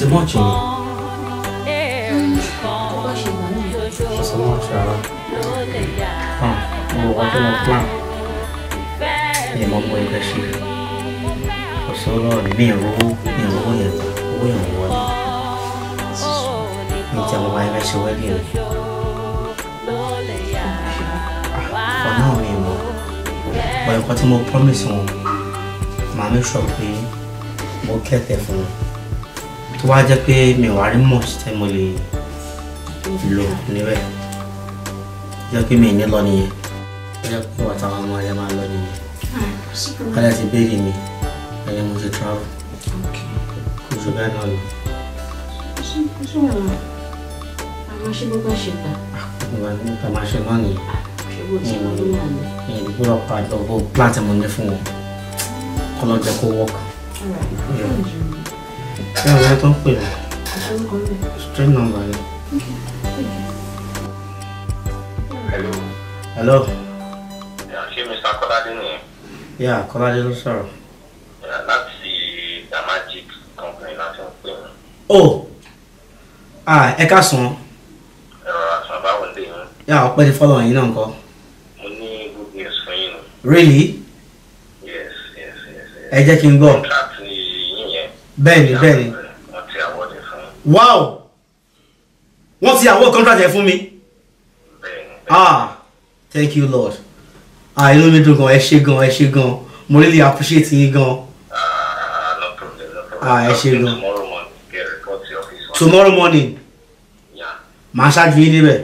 ṣe mọ́ọ̀chì ni. kò ṣe mọ́ọ̀chì rárá. mo wà tó mo plan ní mo gbọ́ ẹgbẹ́ ṣe kò sọ lọ́rọ̀ ní mi ìrówó mi ìrówó yẹn owó yẹn wọ ni mi jẹ́ mo wá ẹgbẹ́ ṣe wẹ́ẹ̀lì ni. ọ̀nà mi mọ̀ ọ̀yọ̀kọ̀ tí mo promise wọn màá mi sọ pé mo kẹ́tẹ̀ fún wọn tó wá jẹ́ pé mi ò wá rí mọ̀ tẹ́ mo lè lò níbẹ̀ jẹ́ pé mi ì ní lọ nìyẹn ó yẹ kó wà táwọn ọmọ rẹ máa lọ nìyẹn wálé ti béèrè mi ẹ̀yẹ mo ṣe travel kò jù bẹ́ẹ̀ náà lọ. àwọn ṣe gbogbo ṣe gbà. ìwà nípa máa ṣe náà nìyẹn ìyẹn gbọ́dọ̀ pàdé ọgbọ́n plant mo ní fún wọn kọ́ lọ́jọ́ kó wọ́ọ̀kì ẹ ọ̀rẹ́ tó pè mí straight number yẹn. hello. hello. ṣé mr kọ́ládé nìyẹn. yà kọ́ládé ló sọ̀rọ̀. láti the magic company láti ń pè mí. o ẹ ká sùn. ẹ rọra sùn báwo lè mú. yà really. yes yes yes. ẹ jẹ́ kí n bẹ́ẹ̀ni bẹ́ẹ̀ni wow wọ́n ti award contract yẹn fún mi ah thank you lord ah inú mi dùn gan ẹ ṣé gan ẹ ṣé gan mo really appreciate yín gan ah, ah, ah ẹ ṣé gan tomorrow morning màá ṣáájú yín níbẹ̀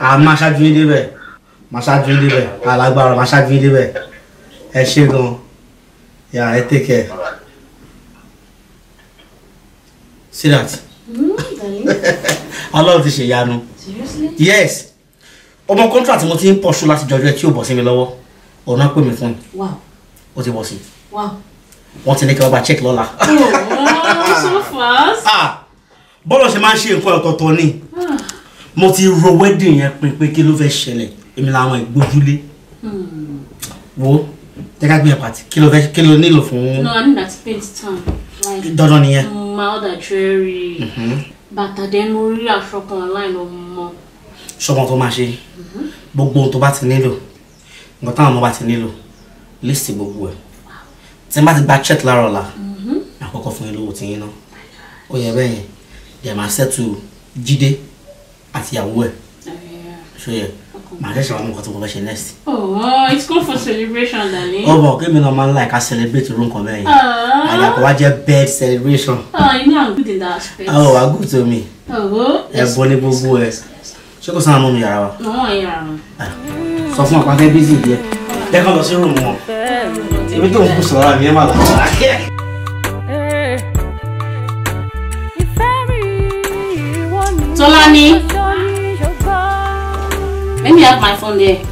ah màá ṣáájú yín níbẹ̀ màá ṣáájú yín níbẹ̀ alágbára màá ṣáájú yín níbẹ̀ ẹ ṣé gan yà ẹ take care. see that I love this ọlọ́run ti Seriously? yes my contract mo ti ń pọ̀ ṣó láti jọjọ́ tí ò bọ̀ sí mi lọ́wọ́ ọ̀nà pè mí fún mi ó ti bọ̀ sí wọ́n ti check Lola? Oh, bá check lọ́la. Oh, ah, bọ́lọ̀ ṣe máa ń ṣe nǹkan ọ̀tọ̀ọ̀tọ̀ ni mo ti ro wedding yẹn pin pé kí ló fẹ́ ṣẹlẹ̀ èmi làwọn ìgbójúlé hmm. wo jẹ́ ká gbé ẹ̀ pàtì kí ló nílò fún. no i need that paint time dandan nìyẹn. máa ọ̀dà jewelry mhm. bàtà dẹ́n mo aṣọ kan online ọmọ. ṣọgbọ́n tó máa ṣe mhm. gbogbo ohun tó bá ti nílò nǹkan táwọn ọmọ bá ti nílò lísì gbogbo ẹ̀ tí n bá ti gba check lára ọ̀la mhm. àkọ́kọ́ fún yín lówó tí yín ná ó yẹ bẹ́ẹ̀ yẹn dẹ̀ máa ṣẹ́tù jíde àti ìyàwó ẹ̀ oh, ṣó yẹ màá dẹ̀ ṣe wá mú nǹkan tí next. oh it's good for celebration darling. ó bọ̀ kémi náà máa ń like a celebrate irú nǹkan bẹ́ẹ̀ yẹn ah. àyàkó wá jẹ́ bed celebration. Ah, you know i'm good in that aspect. oh wà good to me. Oh. ẹ̀bọ ní gbogbo ẹ̀ ṣé kò sáà mú mi yàrá wa. mọ̀ yàrá wa. Ah, sọ fún ọ̀pá fẹ́ bísí díẹ̀ lẹ́kàn lọ sí rúùmù wọn ibi tó ń kú sọ̀rọ̀ àmì ẹ̀ máa lọ. Tolani. Let me have my phone there.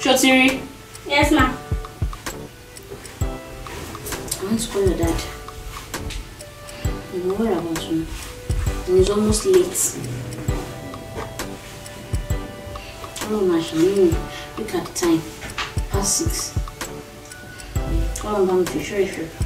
Shotiri? Yes, ma'am. I want to call your dad. You know where I want to And it's almost late. Oh, my look at the time. Past six. Come on, I'm sure if you're.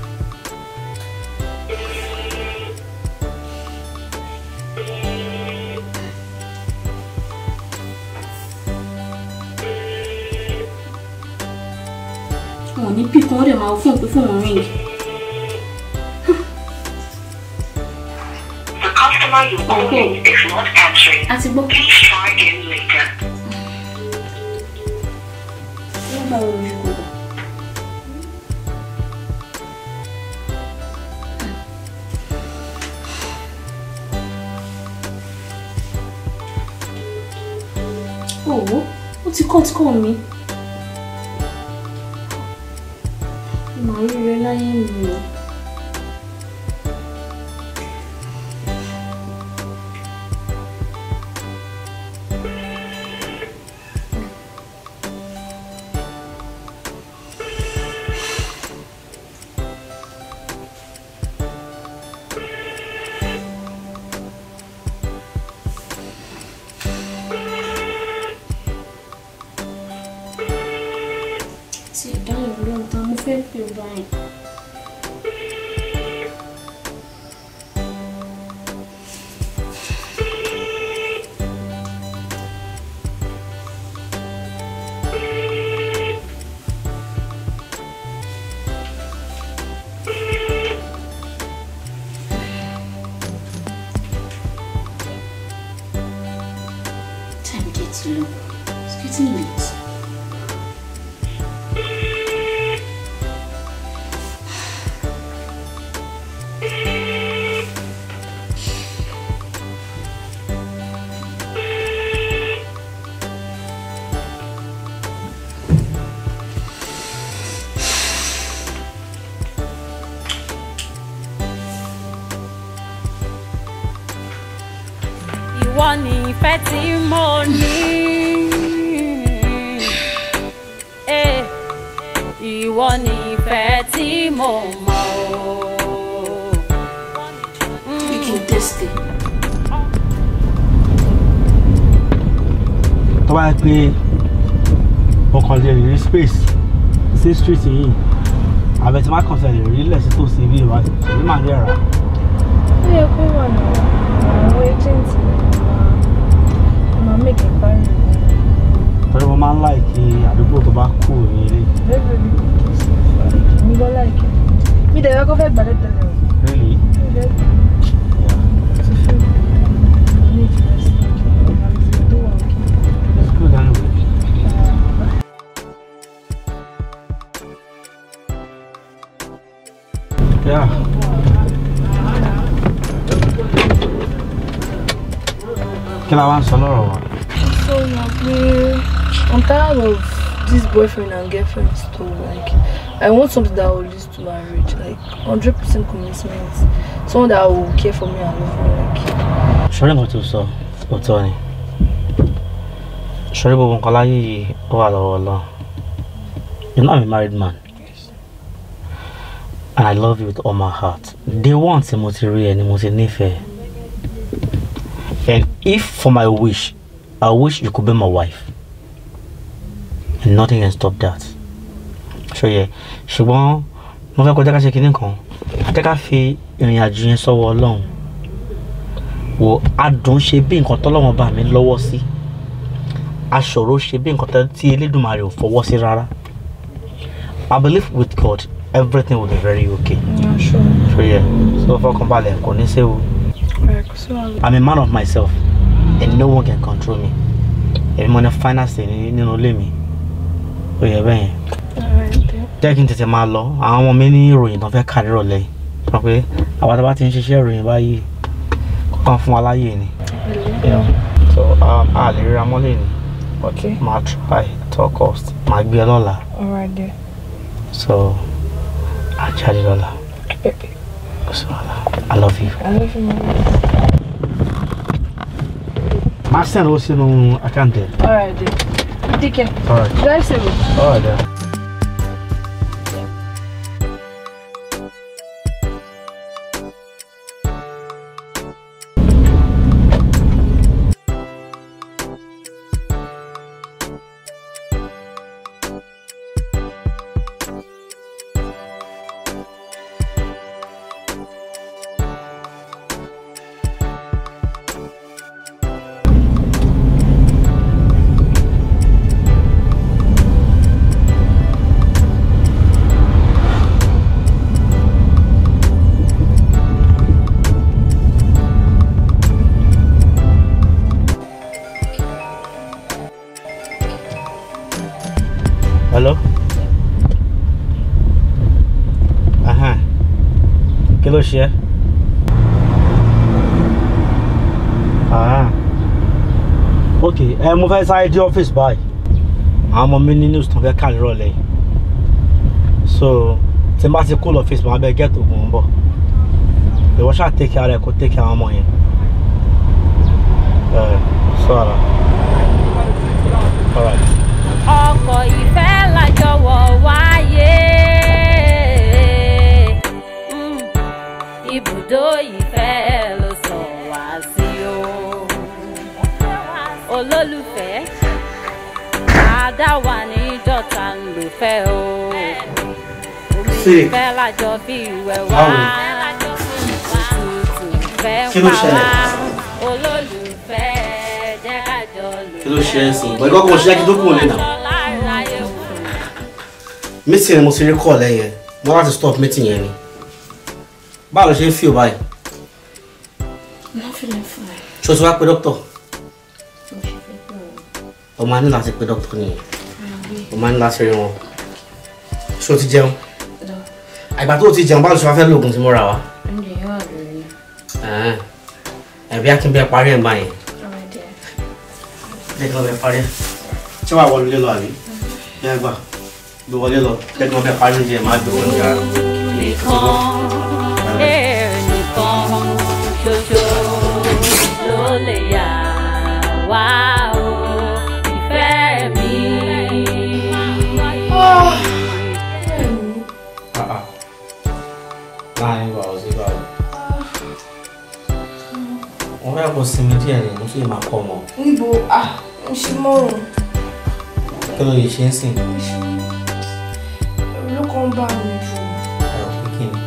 hàn ní pì kán dẹ̀ máa fún òpè fún òun ring. àti gbọ́. nígbà me ni kò wá. owó ó ti kọ́ ti kọ́ mi. 欢迎你。I want something that will lead to marriage, like 100% commitment. Someone that will care for me and love me. Like. Ṣọ̀rẹ́ mo tún sọ, òótọ́ ni. Ṣọ̀rẹ́ gbogbo nǹkan láyé yìí ó wà lọ́wọ́ a married man. Yes. And I love you with all my heart. They want tí mo ti rí ẹ ni And if for my wish, I wish you could be my wife. And nothing can stop that ṣòyẹ ṣùgbọ́n mo fẹ́ kọjá ká ṣe kinní kan akẹ́kọ̀ọ́ fi ìrìn àjò yẹn sọ́wọ́ ọlọ́run wò adùn ṣe bí nǹkan tọ́lọ́wọ́n bá mi lọ́wọ́ sí aṣòro ṣe bí nǹkan tí elédùnmarè ò fọwọ́ sí rárá I believe with God everything will be very okay. Yeah, sure. So yeah, so fọkàn balẹ̀ kò ní séwu. I'm a man of myself and no one can control me. Èmi mo ní finance nínú ilé mi. Ó yẹ bẹ́ẹ̀ yẹn jẹ́ kí n tètè máa lọ àwọn ọmọ mi ní ìròyìn tó fẹ́ kà nírọ̀lẹ́ sọ pé àwọn tó bá ti ń ṣiṣẹ́ ìròyìn báyìí kọ́kàn fún wa láyè ni so um, a lè ríra mọ́lẹ̀ ni but máa try at all cost máa gbé ẹ lọ́la so a jáde lọ́la so I love you. I love you, mama. Máa sẹ́nu ó sínú àkáǹtì. All right, dear. Take care. All right. mo fẹ́ sáré dé ọ́fíìsì báyìí àwọn ọmọ mi ní news tó fẹ́ kà nírọ̀lẹ́ so tí n bá ti kó lọ ọ́fíìsì máa bẹ gẹ́tò ògùn ń bọ̀ ìwọ ṣáà tẹ́kẹ̀ ara ẹ̀ kó tẹ́kẹ̀ àwọn ọmọ yẹn ẹ sọ ara. ọkọ̀ ìfẹ́ làjọwọ̀ wáyé hmm, ibùdó yìí. dá wa ní dọ́ta ń lò fẹ́ o. omi ìfẹ́ lájọ bí ìwẹ̀ wá òtútù fẹ́ pa wá olólùfẹ́ jẹ́ kájọ lò fẹ́. kí ló ṣe é sìn bọ́ẹ̀ kọ́kọ́ mo ṣe jákè tó kù lẹ́nà. meeting ni mo ti rí kọ́ lẹ́yìn mo láti stop meeting yẹn ni báwo ló ṣe ń fi ò báyìí. ṣé o ti wá dókítà ọmọ a ní láti pé dókítà nìyẹn mo máa ń láti wọn ṣé o ti jẹun àgbà tó o ti jẹun báwo ṣe wá fẹ́ lóògùn tí mo rà wá. ẹ̀bí akínbẹ́ parí ẹ̀ ń bá yẹn lẹ́gbọ́n bẹ parí wàá wọlé lọ àbí yẹn gbà gbé wọlé lọ lẹ́gbọ́n bẹ parí níjẹ́ máa gbé wọlé yàrá. nìkan bóyá kò sinmi díẹ̀ rẹ̀ mo sì máa kọ́ ọmọ. níbo ah n ṣe mọ́rùn. kí ló lè ṣe ń sìn. ló kàn bá mi jù. ẹ̀rọ kíkì ni.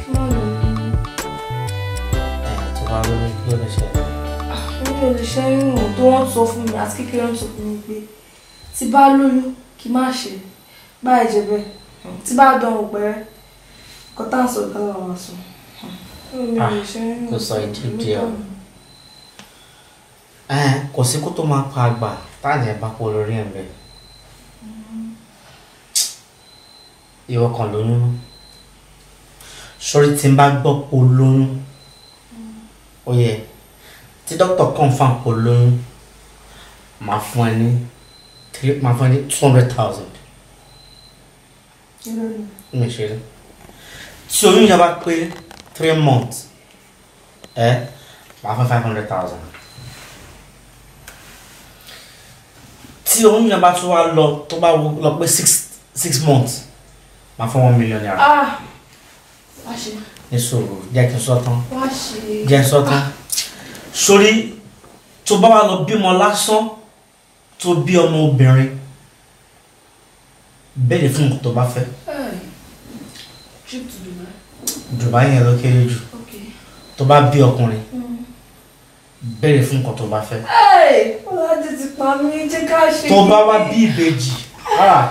kí wọ́n lè rí. ẹ̀ tó bá lórí kí ló lè ṣe. mi ò lè ṣe ń rùn tó wọ́n sọ fún mi àti kékeré ń sọ fún mi pé tí bá lóyún kí má ṣe báyìí jẹ bẹ́ẹ̀ hmm, tí bá dán òun pẹ́rẹ́ kọ́tà sọ̀rọ̀ kálọ̀ wá sùn. 啊，就所以就这样。kò sí kó tó máa pa àgbà táàjẹ́ bá kó lórí ẹ̀ bẹ́ẹ̀ mm-hmm. ìwọ kan lóyún sórí tí n bá gbọ́ pé o lóyún mm-hmm. ó yẹ tí dókítà confam pé o lóyún máa fún ẹ ní three máa fún ẹ ní two hundred thousand mi ṣe rí tí oyún yẹn bá pé three months ẹ máa fún five hundred thousand. tí oyún yẹn bá tún wá lọ tó bá lọ pé six six months máa fún one million naira. Ah, wá ṣe. ní sòrò jẹ́ kí n sọ tán. wá ṣe. jẹ́ n sọ tán. sórí tó bá wà lọ bímọ lásán tó bí ọmọ obìnrin béèrè fún nǹkan tó bá fẹ́. Dubai yẹn ló kéré jù tó bá bí ọkùnrin. Mm bẹ̀rẹ̀ fún nǹkan tó bá fẹ́. ọlájẹ ti pa mí jẹ́ ká ṣe. tó bá wá bí ìbejì ah,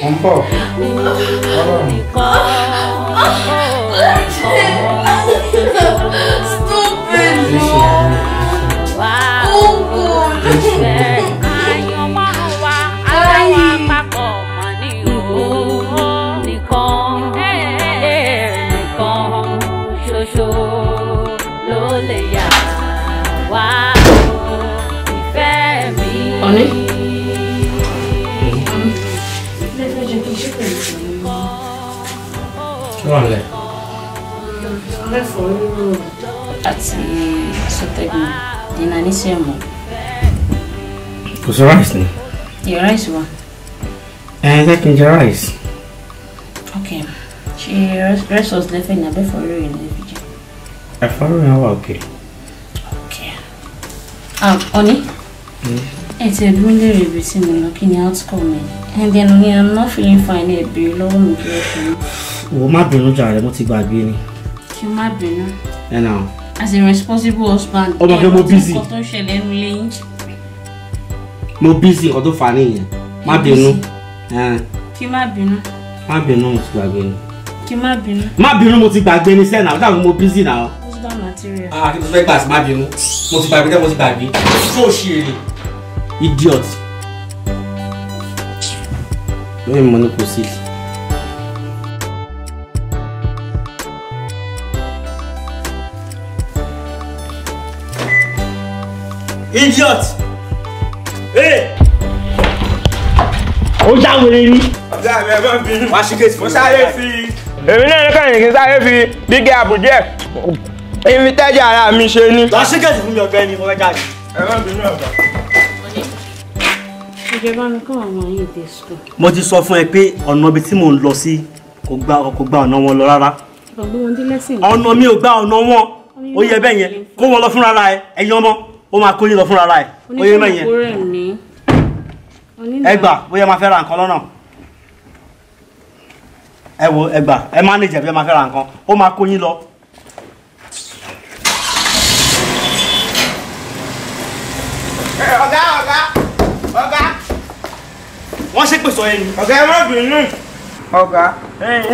mo ń bọ̀ ọ̀rọ̀ mi. stupid. wà lẹ̀. lẹ́fọ̀ọ́ rírò àti sọtẹ́gùn dínà níṣẹ́ mọ́. kò sí rice ni. your rice wa. ẹ jẹ́ kí n jẹ rice. ok ṣe rice was lẹ́fẹ̀ẹ́ ní abẹ́fọ́ rírò ní ibi jẹ́. ẹ̀fọ́ rírò wà òkè. ok ọ̀ní ẹ ti ẹ̀dúró léèrè ibi tí mo lọ kí ni outcome mi and then ni i'm not feeling fine ẹ̀ bèrè lọ́wọ́ mi bí ẹ fi mí wo má bínú jàre mo ti gbàgbé ni. kí n má bínú. ẹ nà. as a responsible husband. ọmọ kẹ mo busy. ọkọ tó ń ṣẹlẹ̀ ń lé yín. mo busy nǹkan tó fà á nìyẹn má bínú. kí má bínú. má bínú mo ti gbàgbé ni. kí má bínú. má bínú mo ti gbàgbé ni sẹ́nà dáhùn mo busy nà. husband material. ah kí n tó fẹ́ gbà sí má bínú mo ti gbàgbé mo ti gbàgbé tó ṣe èrè. idiot. lóyún mo ní kò sí. idiot. ó já wèrè ni. ọ̀gá mi ẹ bá bí. wàá ṣe kéésì fún mi. mo sáré fi. èmi náà ní káyìn kí n sáré fi dígí àbújẹ ibi tẹ́jà ara mi ṣe ni. wàá ṣe kéésì fún mi ọ̀gá ẹni mo fẹ́ jáde. ẹ bá bí mi ọ̀gá. ìjọba mi kọ́ àwọn yìí dé sùn. mo ti sọ fún ẹ pé ọ̀nà ibi tí mò ń lọ sí kò gba ọ̀nà wọn lọ rárá. ọ̀nà mi ò gba ọ̀nà wọn ó yẹ bẹ́ẹ̀ yẹn kó wọn lọ fúnra ẹ ẹ̀yin ọmọ ó máa kó yín lọ fúnra ẹ̀ ó yé mẹ́yìn ẹ gbà bóyá máa fẹ́ ra nǹkan lọ́nà ẹ wo ẹ gbà ẹ má nìjẹ̀ bí ẹ máa fẹ́ ra nǹkan ó máa kó yín lọ. ọ̀gá ọ̀gá ọ̀gá wọ́n ṣépè sọ ẹni. ọ̀gá ẹ má bínú ọ̀gá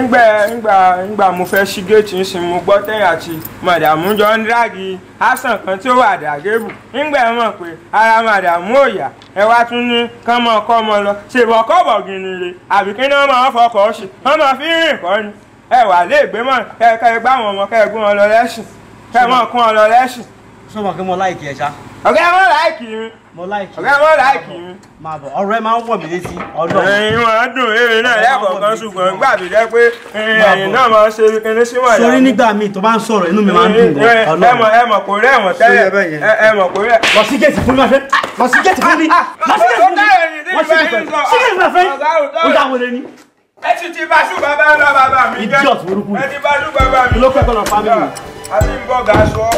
ngbà ngbà ngbà mo fẹ́ ṣí géètì ńsìn mo gbọ́ tẹ́yìn àti màdàmú jọ ń dráàgì Hasan kan tí ó wà dàgébù ngbà ẹ mọ̀ pé ara màdàmú òyà ẹ wá tún ní kán mọ ọkọ ọmọ lọ ṣèbọn kọ́bọ̀ gìnìrè àbí kí náà máa fọkọ̀ ṣe wọ́n máa fi rìn kọ́ ni ẹ wà lé ìgbémọ̀ kẹ́ẹ̀kẹ́ ẹ gbá àwọn ọmọ kẹ́ẹ̀ gún ọ lọ lẹ́sìn kẹ́ẹ̀ mọ̀ kún ọ lọ lẹ́sìn. sọ mo láìkì ọ̀rẹ́ mo láìkì mi. máa bọ̀ ọ̀rẹ́ máa ń wọ̀ mí létí ọ̀dọ̀. ẹyin wọn á dùn eré náà lẹ́ẹ̀kọ̀ọ̀kan ṣùgbọ́n gbà mí jẹ́ pé ẹyin náà máa ń ṣe kíní sí wàyà. sori nígbà míì tó bá ń sọ̀rọ̀ inú mi máa ń dùn gan. ẹ mọ̀ ẹ mọ̀ kò rí ẹ̀wọ̀n tẹ́lẹ̀ ẹ mọ̀ kò rí ẹ̀. lọ sí géètì fún mi máa fẹ́ lọ sí géètì fún mi ah, lọ sí géètì fún mi wọ́n sì ti pẹ̀lú sí géètì máa fẹ́ ó dá wọlé ni. ẹ ti ti baṣu bàbá ẹ lọ bàbá mi jẹ́ ẹ ti baṣu bàbá mi jẹ́ àbí ah, ń bọ̀ gà sọ.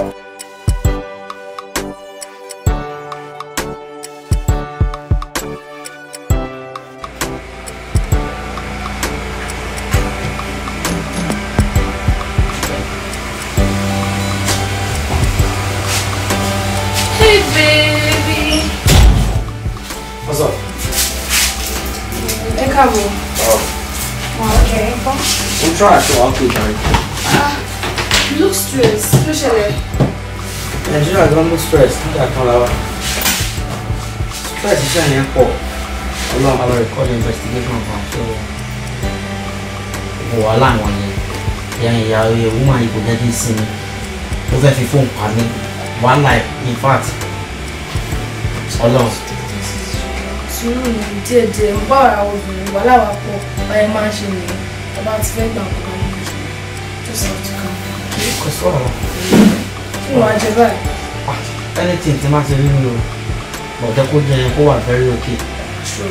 Oh. Oh, okay. n try àti wàá kú ìdarí. look stress ló ṣẹlẹ̀. nàìjíríà gan look stressed. I kan la wa stress iṣẹ́ yẹn pọ̀ ọlọ́run àwọn record investigation of tó wò wá láwọn yẹn yẹn Yeah, yeah, máa yìí kò jẹ́ This n sinmi ó fẹ́ fi fóònù pa one wàhálà in fact ọlọ́run sùúrù ní díẹ̀ díẹ̀ ń bá ara obìnrin wà láwa pọ̀ báyẹ máa ń ṣe nìyẹn tó bá ti fẹ́ gbà kó bá yẹn jù tó sọ ti kàn. kò sọ̀rọ̀. kí wọ́n á jẹ báyìí. Ah, anything tí máa ti rí mi o bọ̀dẹ́ kó jẹ kó wà very okay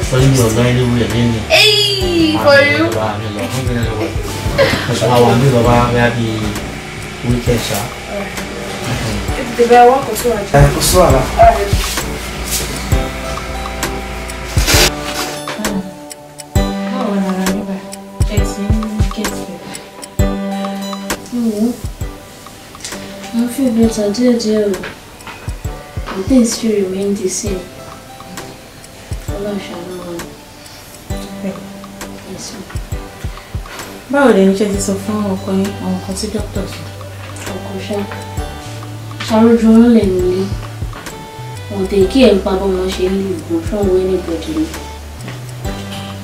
sọ yìí ọ̀gá ilé wúyẹ nínú. ẹyí for you. ọ̀sán àwọn àmì lọ́ba bá bí wíkẹ̀ ṣá. ètùtù bá wà kò sóra feel better dear dear and things still remain the same ọlọ́ọ̀ṣà ló wà ẹ̀sùn. báwo lẹni ṣe ti sọ fún ọkọ yín àwọn nǹkan tí dókítà sọ. ọkọ ṣá ṣàrójú wọn lè nílé wọn tẹ kí ẹ ń pa bọ́mọ ṣe ń lù wọn fáwọn anybody ni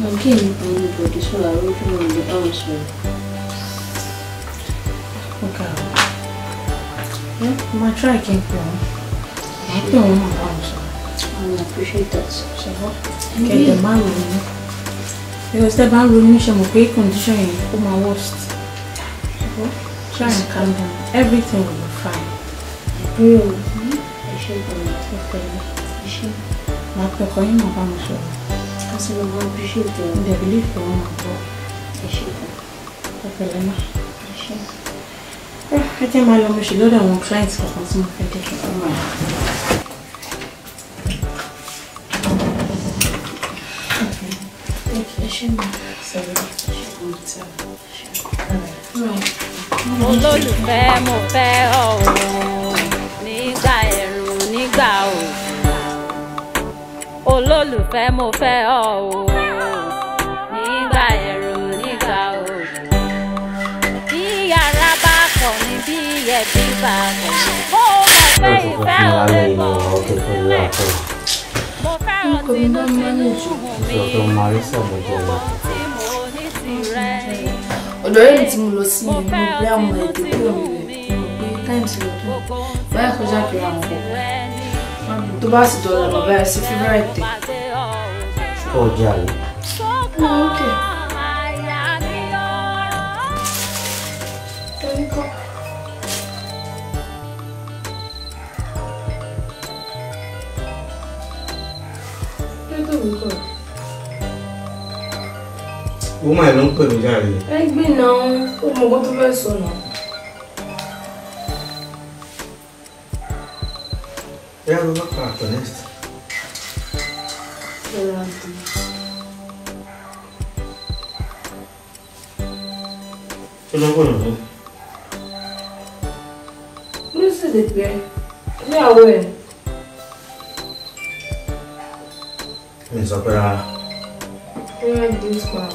wọn kí ẹ ń pa anybody sọ àrójú wọn lè bá wọn sọ̀rọ̀. Ma try kí n pè wọ́n. Màá pè wọ́n màá bá wọn I appreciate that. Ṣèwọ́ the má room. Because tẹ́ bá ronú ṣe mọ̀ pé condition yẹn ó worst. Ṣèwọ́ try and calm down. Everything will be fine. Ìbéèrè mm-hmm. o. Ẹ ṣe ìbẹ̀rẹ̀ tó pẹ̀lú. Ẹ ṣe. Màá pẹ̀ kọ́ yín màá bá wọn sọ̀rọ̀. Kásìlò máa appreciate it. Ìdẹ̀bílẹ̀ ìfẹ́ wọn máa bọ̀. Ẹ ṣe. Ẹ pẹ̀lẹ́ náà ẹ jẹ́ máa lọ mo ṣe lọ́dọ̀ àwọn clients kankan tí olólùfẹ́ mo fẹ́ ọ nígbà ẹ̀rùn nígbà òjò olólùfẹ́ mo fẹ́ ọ o. ìfẹ́ òde kò sílẹ̀. mo fẹ́ràn tinú tinú ṣùgbọ́n mi owó tí mo ní ti rẹ̀. ọ̀dọ̀ yìí tí mo lọ sí mi mo bí àwọn ẹ̀dùn kúrò mi rẹ̀ mo pé times ló dùn báyà kọjá kiri àwọn kọ̀ọ̀kan tó bá sì dọ̀la bàbá ah, ok. pè mí kàn. ó mà ló ń pè mí jáde. ẹ gbé náà ó mọ bó tó fẹ́ sọ náà. ẹ lọ bá kà àtọ̀ next. Kí ló ń pè mí? Mísìlì pé ní àwọ̀ ẹ̀. Miss sọ pé rárá. rárá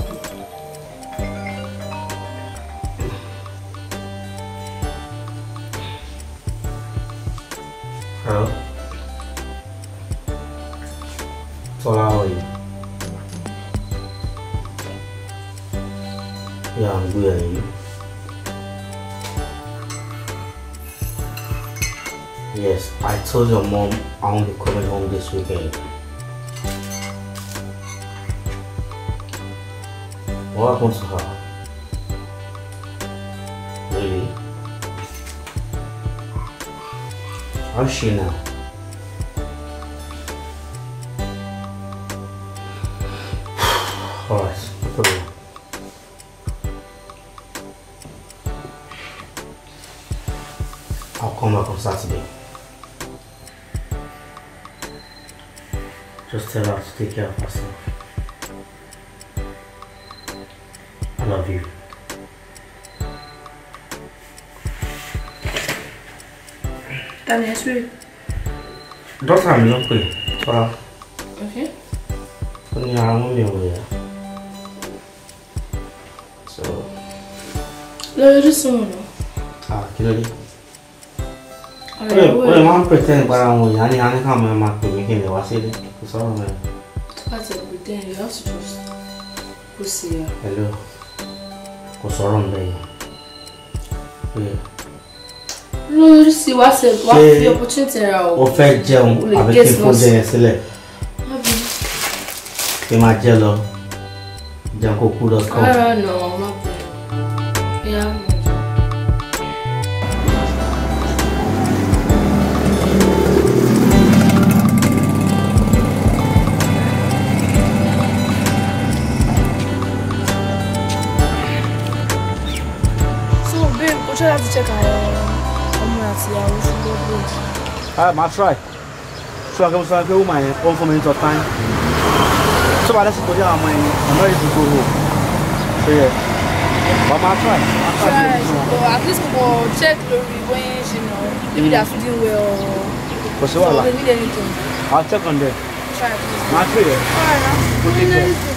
Hello? Tọ́lá how are you? Yeah, I'm good and eh? you? Yes, I told your mom I won't be coming home this weekend. Olha quantos ralos. Aí. Olha a China. Olha isso, muito bom. Olha como é que bem. Just tell us to take care of ourselves. ni ẹ súré. dókítà mi ló pè wá ó ní ara mú mi ò yá. lórí orísun ọ̀nà. kí ló dé. ó lè máa ń pètè nípa àwọn òyà ní aníkà mi máa pè mí kí n lè wá sílé kò sọ̀rọ̀ mẹ́rin. láti ẹ̀bùn you have to just go see her. hello kò sọ̀rọ̀ mẹ́rin. Yeah lórí sí wáṣẹ wá fi opportunity ra o. o fẹ́ jẹun àbí kí n kó jẹ yẹn sílẹ̀ kí n máa jẹ lọ jẹun kó kú lọ kàn. rárá nà ọ má bẹ̀rẹ̀ I must try so àgbẹ̀ musa pé woman yẹn one four minutes of time So bá lẹ́sìn kọjá àwọn ọmọ I'm ọmọ yẹn ti gbogbo so yẹ but màá try try So at least kò check lórí bóyá ṣe nà níbi dà fún dín wẹ ọ. kò sí wàhálà i check on them. try please. try yẹ. kò ní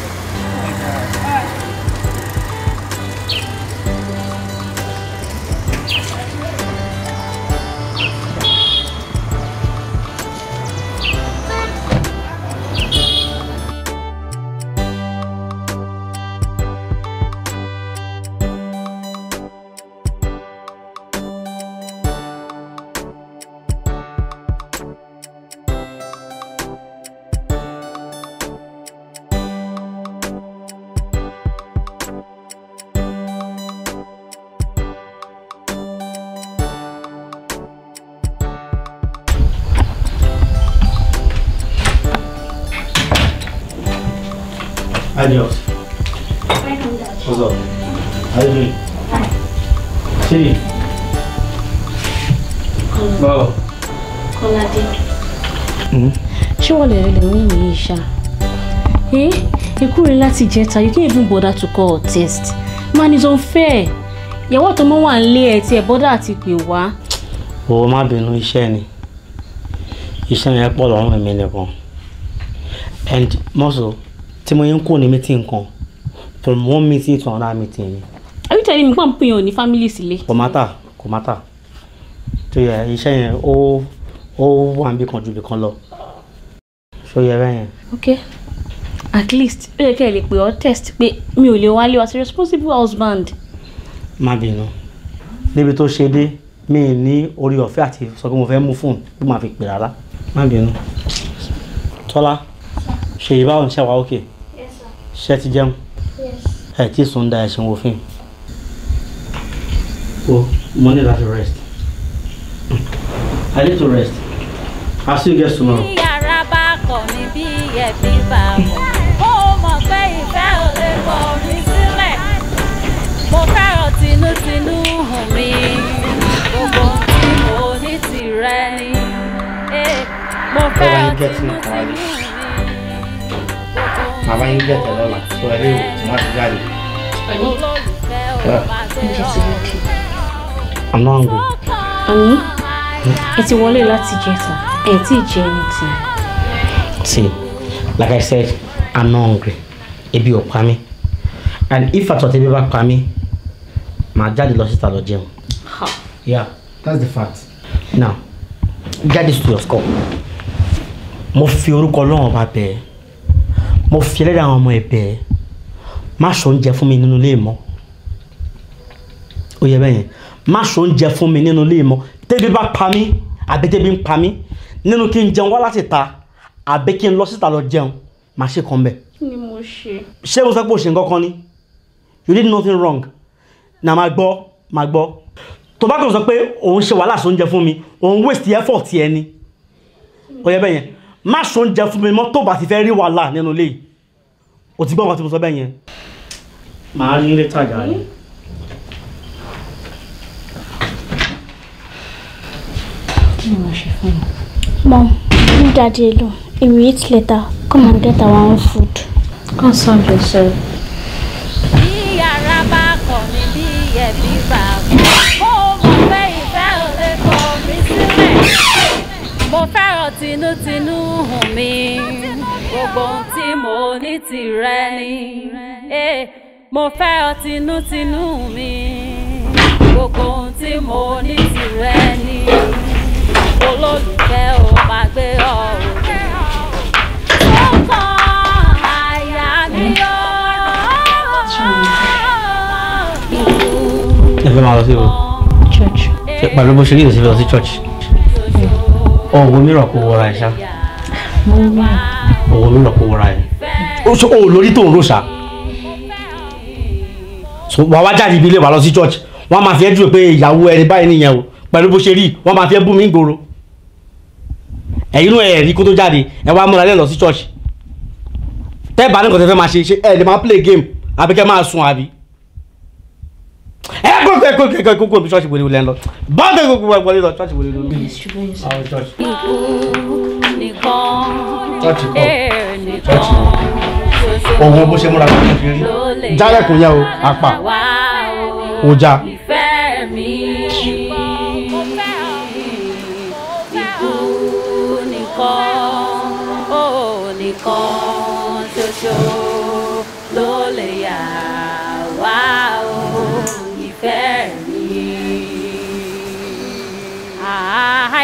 Adios. What's up? How you doing? Hi. Chidi. Báwo. Kọ́ládé. Ṣé wọ́n lè rí lè wọ́n yìí ṣá? Eh, ikú rẹ̀ láti you can't even bother to call or text. Man is unfair. Ìyàwó àtọmọ wà ń lé ẹ̀ tí ẹ̀ bọ́dà àti pè wá. Òwò má bínú iṣẹ́ ni. Iṣẹ́ yẹn pọ̀ lọ́rùn mi nìkan. And mọ́sọ̀ tí mo yẹn ń kó ní meeting kan from one meeting to another meeting ni. are you telling me pọ́n pín yàn ní family sílé. kò mátà kò mátà tó yẹ iṣẹ́ yẹn ó ó wà níbi kan ju ibì kan lọ ṣó yẹ bẹ́ẹ̀ yẹn. okay at least ó yẹ kẹ́ ẹ lè pè ọ́ test pé mi ò lè wálé as a responsible husband. má bínú níbi tó ṣe dé mi ní orí ọ̀fẹ́ àti sọ pé mo fẹ́ mú fóònù bí mo máa fi pè rárá má bínú tọ́lá ṣèyí báwo ń ṣe wá òkè. Okay ṣé ti jẹun ẹ tí sùn da ẹṣin wo fíìmù o mo ní láti rest I need to rest I'll see you guys tomorrow. bí ara bá kọ̀ ní bí ẹ̀bí bá kọ̀ ó mọ̀ pé ìfẹ́ ò lè bọ̀ orí sílẹ̀ mo fẹ́ràn tinútinú hùn mi gbogbo tí mo ní tìrẹ ni eh, mo fẹ́ràn tinútinú. Mamá India te lo la por ahí más gari. Amango. Àní? Ẹ ti See, like I said, I'm not hungry. If you pa me, And if I all ebi bá pa mí, màá jáde lọ síta lọ jẹun. Yeah, that's the fact. Now, get this to your score. Mo fi orúkọ Ọlọ́run bá bẹ̀ẹ́ mo fi ẹlẹ́dàá àwọn ọmọ ẹ̀bẹ̀ má sọ oúnjẹ fún mi nínú ilé mọ́ ó yẹ bẹ́ẹ̀ yẹn má sọ oúnjẹ fún mi nínú ilé mọ́ tẹ́bí bá pa mí àbí tẹ́bí ń pa mí nínú kí n jẹun wá láti ta àbí kí n lọ síta lọ jẹun má ṣe kan bẹ́ẹ̀. ni mo ṣe. ṣé mo sọ pé o ṣe nǹkan kan ni you did nothing wrong na máa gbọ́ máa gbọ́ tó bá kàn sọ pé òun ṣe wàhálà sóúnjẹ fún mi òun waste effort yẹn ni ó yẹ bẹ́ẹ̀ yẹn má ṣoúnjẹ fún mi mọ́ tó bá ti fẹ́ rí wàhálà nínú ilé ò ti gbọ́ tí mo sọ bẹ́ẹ̀ màá rí ilé tàjà yìí. Mom, leave daddy alone. He will Come and get our own food. Concern yourself. mo fẹ́ràn tinútinú hùn mi gbogbo ohun tí mo ní tìrẹ ni eh, mo fẹ́ràn tinútinú mi gbogbo ohun tí mo ní tìrẹ ni olólùfẹ́ ò máa gbé ọ̀rọ̀ mi. ó kàn àyà mi ó. ẹ fẹ́ máa lọ sí o pẹ̀lú bó ṣe rí ìdòsí lọ sí church ọ̀wọ́ mìíràn kò wọra ẹ̀ ṣá ọ̀wọ́ mìíràn kò wọra ẹ̀ ó ṣe òun lórí tó ń rò ṣá wà wá jáde ibi ilé wa lọ sí church wọ́n máa fi ẹ́ dúró pé ìyàwó ẹni báyìí nìyẹn o pẹ̀lú bó ṣe rí wọ́n máa fi ẹ́ bú play game àbí kẹ́ máa sun kó kó kó kó kó kó bí ṣọ́ọ̀ṣì wòlé wòlé ń lọ báńkì kó kó kó wòlé lọ ṣọ́ọ̀ṣì wòlé lọ. àwọn ṣọ́ọ̀ṣì. ṣọ́ọ̀ṣì kọ ṣọ́ọ̀ṣì owó bó ṣe múra ló ń fi rí. jálẹ̀kùn yẹn o àpà kò já. ìfẹ́ mi.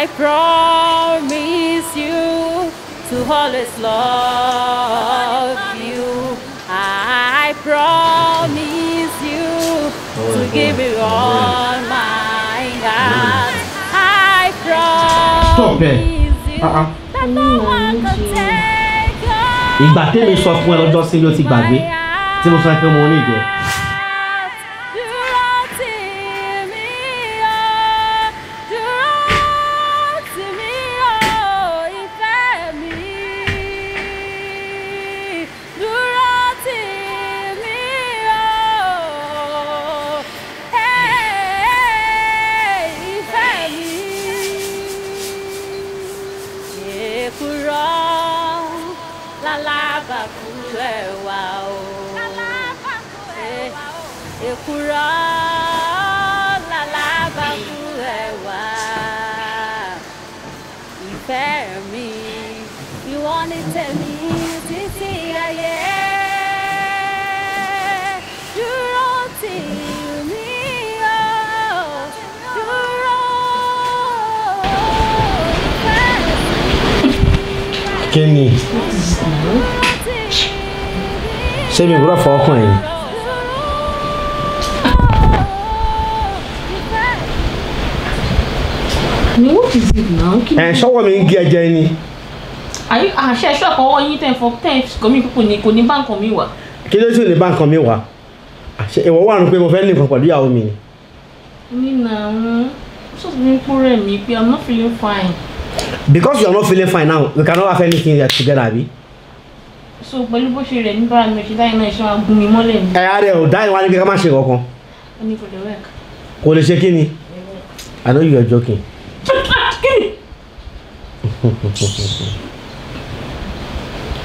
I promise you to always love you. I promise you to give you all my heart. I promise you uh-uh. that no one can take your Ìgbà tẹ́lẹ̀ kí ṣé mi gbọ́dọ̀ fọ ọkùnrin yìí. ni what is it now. ẹ sọwọ mi ń gé ẹ̀jẹ̀ ni. àṣẹ ẹṣọ àkọwọ yín tẹ fọ tẹ kọmí púpọ̀ ni kò ní báǹkì mi wà. kí ló sì ní báǹkì mi wà àṣẹ ah, ìwọ wà ní pé mo fẹ́ ní nǹkan pẹ̀lú ìyàwó mi ni. mi nà ń sọ̀tún mi kúrẹ̀ mi pé i'm not feeling fine because you are not feeling fine now we cannot have anything there together abi. so pẹ̀lú bó ṣe rẹ̀ ní bá mi ṣe dáhìn náà ṣe máa gún mi mọ́lẹ̀ ni. ẹ̀yà rẹ̀ ò dáhìn wá ní kí ká má ṣe kankan. ó ní kò lè wẹ̀. kò lè ṣe kí ni i know you are joking.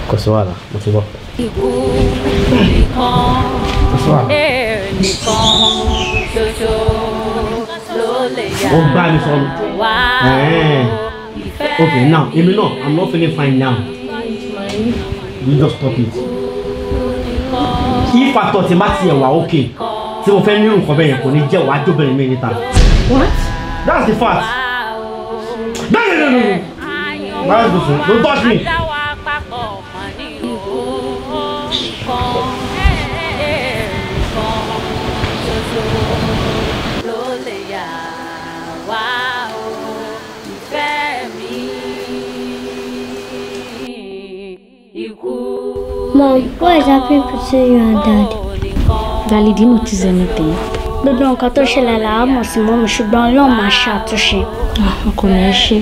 kò sí wàhálà mo ti bọ̀. ikú nìkan nìkan ṣoṣo ló lè yá wá okay now èmi know. i'm not feeling fine now you just stop it. if àtọ̀ tí má tiẹ̀ wá okay tí mo fẹ́ nínú nǹkan bẹ́ẹ̀ yẹn kò ní jẹ́ wàá jóbìnrin mi níta. what that's the fact. no no no no no that's the fact don't touch me. Mom, what is happening between you and dad? Dali, do you notice anything? Gbogbo nǹkan tó ṣẹlẹ̀ là á mọ̀ sí mọ́mi ṣùgbọ́n Ọlọ́run máa ṣàtúnṣe. Ọkùnrin ah, ẹ ṣe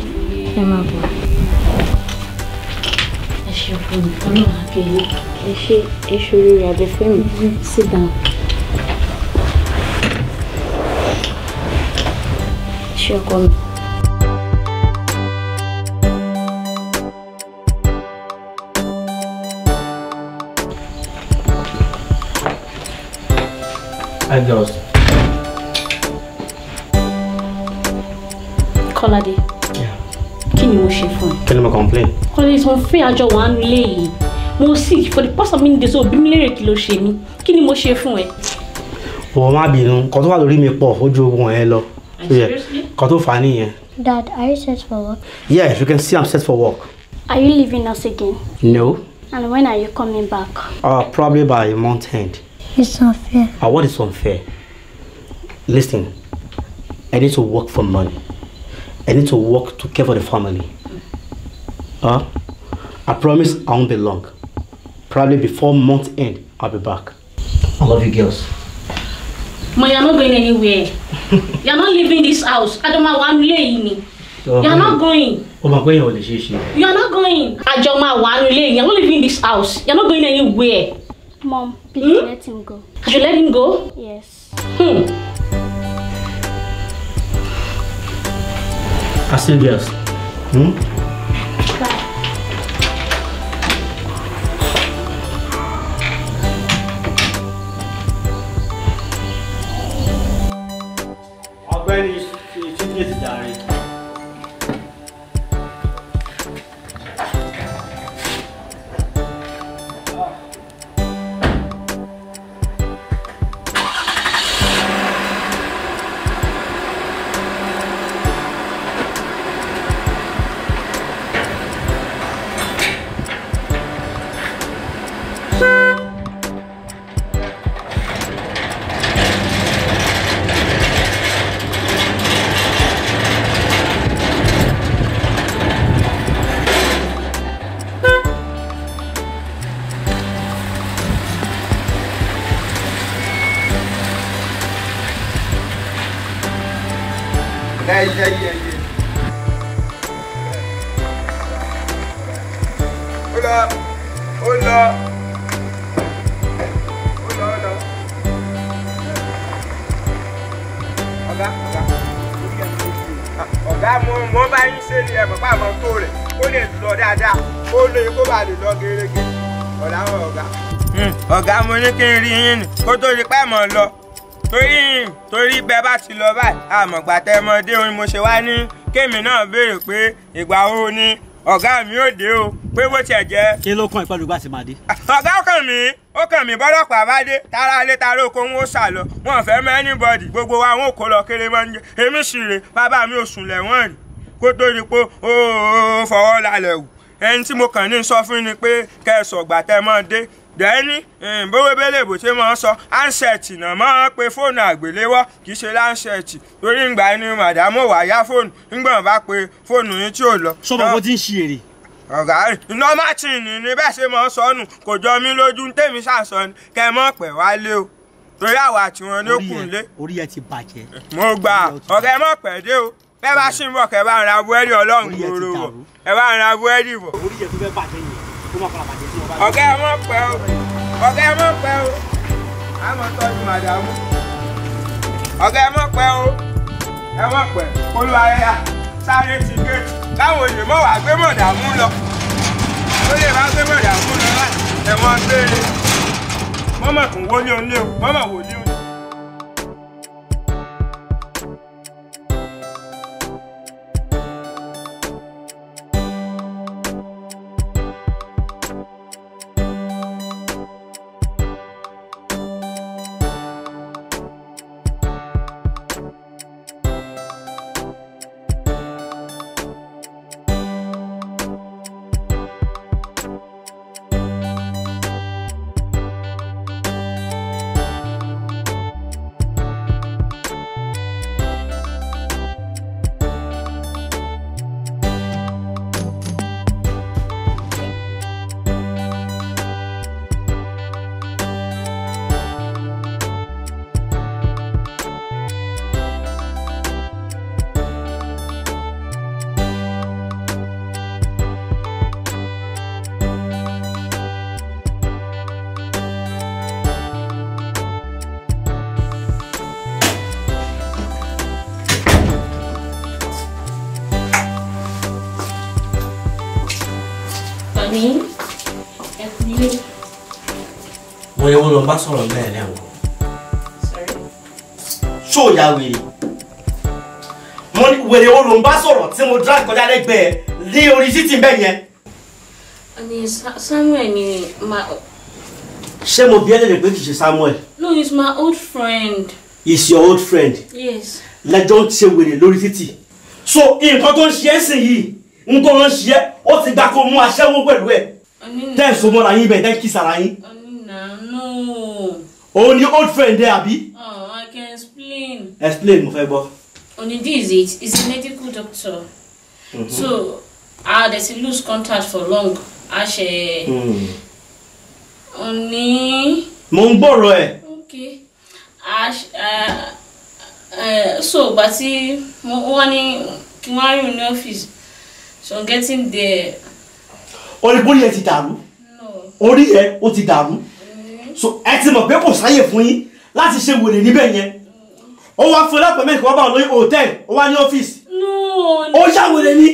ẹ máa bọ̀. Ẹ ṣe ọkùnrin kan náà àgbẹ̀yẹ. Ẹ ṣe èṣù rírì àbẹ̀fẹ́ mi. Mm-hmm. Sit down. Ẹ ṣe ọkọ mi. girls. Kọ́ládé. Kí ni mo ṣe fún ẹ? Kí ni mo complain? Kọ́ládé sọ fún àjọ wa ń lé yìí. Mo sì for the past of minute, so òbí mi lérè kí ló ṣe mí. Kí ni mo ṣe fún ẹ? Wọ́n má bínú, kan tó wà lórí mi pọ̀, ó ju ogun ẹ̀ lọ. Kan tó fà á nìyẹn. Dad, are you set for work? Yes, you can see I'm set for work. Are you leaving us again? No. And when are you coming back? Uh, probably by month end. It's unfair. And what is unfair? Listen, I need to work for money. I need to work to care for the family. Huh? I promise I won't be long. Probably before month end, I'll be back. I love you girls. Ma, you're not going anywhere. you're not leaving this house. I don't know why I'm laying. You're not going. Oh my God, you're not going. I don't know why I'm laying. You're not leaving this house. You're not going anywhere. Mom, please hmm? let him go. Should you let him go? Yes. Hmm. I see, yes. Hmm? mo ní kí n rí yín nì kó tó di pẹ́ mọ̀ lọ torí torí bẹ́ẹ̀ bá ti lọ báyìí àmọ̀gbà tẹ́ mọ dé òun mo ṣe wá ní kémi náà béèrè pé ìgbà wo ni ọ̀gá mi ò dé o pé bó tiẹ̀ jẹ́. kí ló kàn ìpàdé bá máa dé. ọ̀gá ọkàn mi ó kàn mí bọ́lọ́pàá bá tara lé tara oko ń wó sà lọ wọn fẹ́ mọ anybody gbogbo wa wọn ò kó lọ kéré máa ń jẹ èmi sì rè bàbá mi ò sùn lẹ́wọ̀n rì kó tó di pé ó fọwọ́ lálẹ́ wù ẹni tí mo kàn ní sọ fún ni pé kẹsàn-án ọ̀gbà tẹ́ dé dẹ́ni ìbówébélé hm, ìbò tí mo sọ ansẹ̀tì náà máa ń pe fóònù àgbéléwọ́ kì í ṣe lánsẹ̀tì torí ìgbà ni màdámù wà yá fóònù ńgbọ̀n bá pe fóònù yín tí ò lọ. sọ́ba kò tí ń ṣe èrè. ọ̀gá rẹ̀ nọ́mà tì ní bẹ́ẹ̀ ṣe mọ̀ ń sọ nù kò jọ mí lójú tèmi ṣàṣọ ni kẹ́ ẹ mọ̀ pẹ̀ wálé o torí àwa tí wọn ló kùn lé. orí ẹ ti bàjẹ́. mo gbà ọ̀gá ẹ ọ̀gá ẹ mọ̀ pẹ́ o ọ̀gá ẹ mọ̀ pẹ́ o a mọ̀ tọ́jú màdàmú ọ̀gá ẹ mọ̀ pẹ́ o ẹ mọ̀ pẹ́ olúwa ẹ yá sáré ti gé káwọn èèyàn mọ̀ wá gbé mọ̀dàmú lọ ó lè má gbé mọ̀dàmú lọ láti ẹ̀wọ̀n gbére mọ́mọ̀ kò wọlé onílé o mọ́mọ̀ wò ní o. wèrè wo ló ń bá sọ̀rọ̀ bẹ́ẹ̀ náà wò. ṣó ya wèrè mo ní wèrè wo ló ń bá sọ̀rọ̀ tí Samuel ni ma. ṣé mo bí ẹ lè pé kì í Samuel. no it's my old friend. It's your old friend. yes. lẹjọ ń ṣe wèrè lórí títì so nǹkan tó ń ṣe é sìn yìí nǹkan tó ń ṣe é ó ti Then someone mú aṣẹ́wó pẹ̀lú ẹ̀ tẹ́ ẹ̀ so mọ́ra no. o oh, ní old friend there, Abi. oh i can explain. explain mo fẹ́ gbọ́. onidi is it is a medical doctor. Mm -hmm. so ah uh, there's a loose contact for long a ṣe. Mm. Only. mo ń gbọ́rọ̀ okay a uh, so but see, wọ́n ní kí wọ́n office, so i'm getting there. orí bóyá ti dàrú orí ẹ ó ti dàrú so ẹ ti mọ̀ pé kò sáyè fún yín láti ṣe wèrè níbẹ̀ yẹn ó wá fún ọlọ́pàá mẹ́rin kí wọ́n bá wọn lóyún hòtẹ́ẹ̀lì ó wá ní ọ́fíìsì ó yá wèrè ni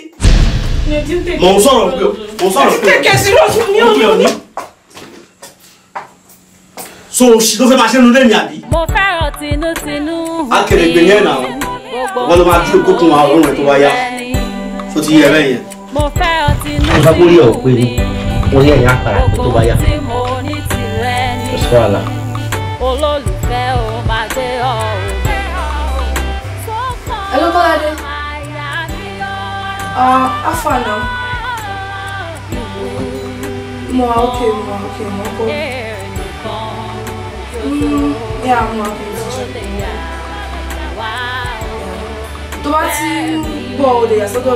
mò ń sọ̀rọ̀ pé mò ń sọ̀rọ̀ pé ó pè ọ́ ní. so òṣì ló fẹ́ máa ṣe nu lẹ́mi àbí. mo fẹ́ràn tinútinú. akèrègbè yẹn náà wọ́n ló máa dúró kókun àwọn ọ̀rùn tó wá yá tó ti yẹ bẹ́ẹ̀ yẹn. mo fẹ́ràn tinútinú. mo fẹ́ kó rí ọ̀ pé mo ní ẹ̀yìn àkàrà tó bá yá wàhálà. Hello, ò máa dé ọ̀ ẹ okay, bá Hmm, afa na mo wa ok mo wa ok mo ko mm, ya mo wa ok tó bá ti ń gbọ́ ọ lè yà sọ́dọ̀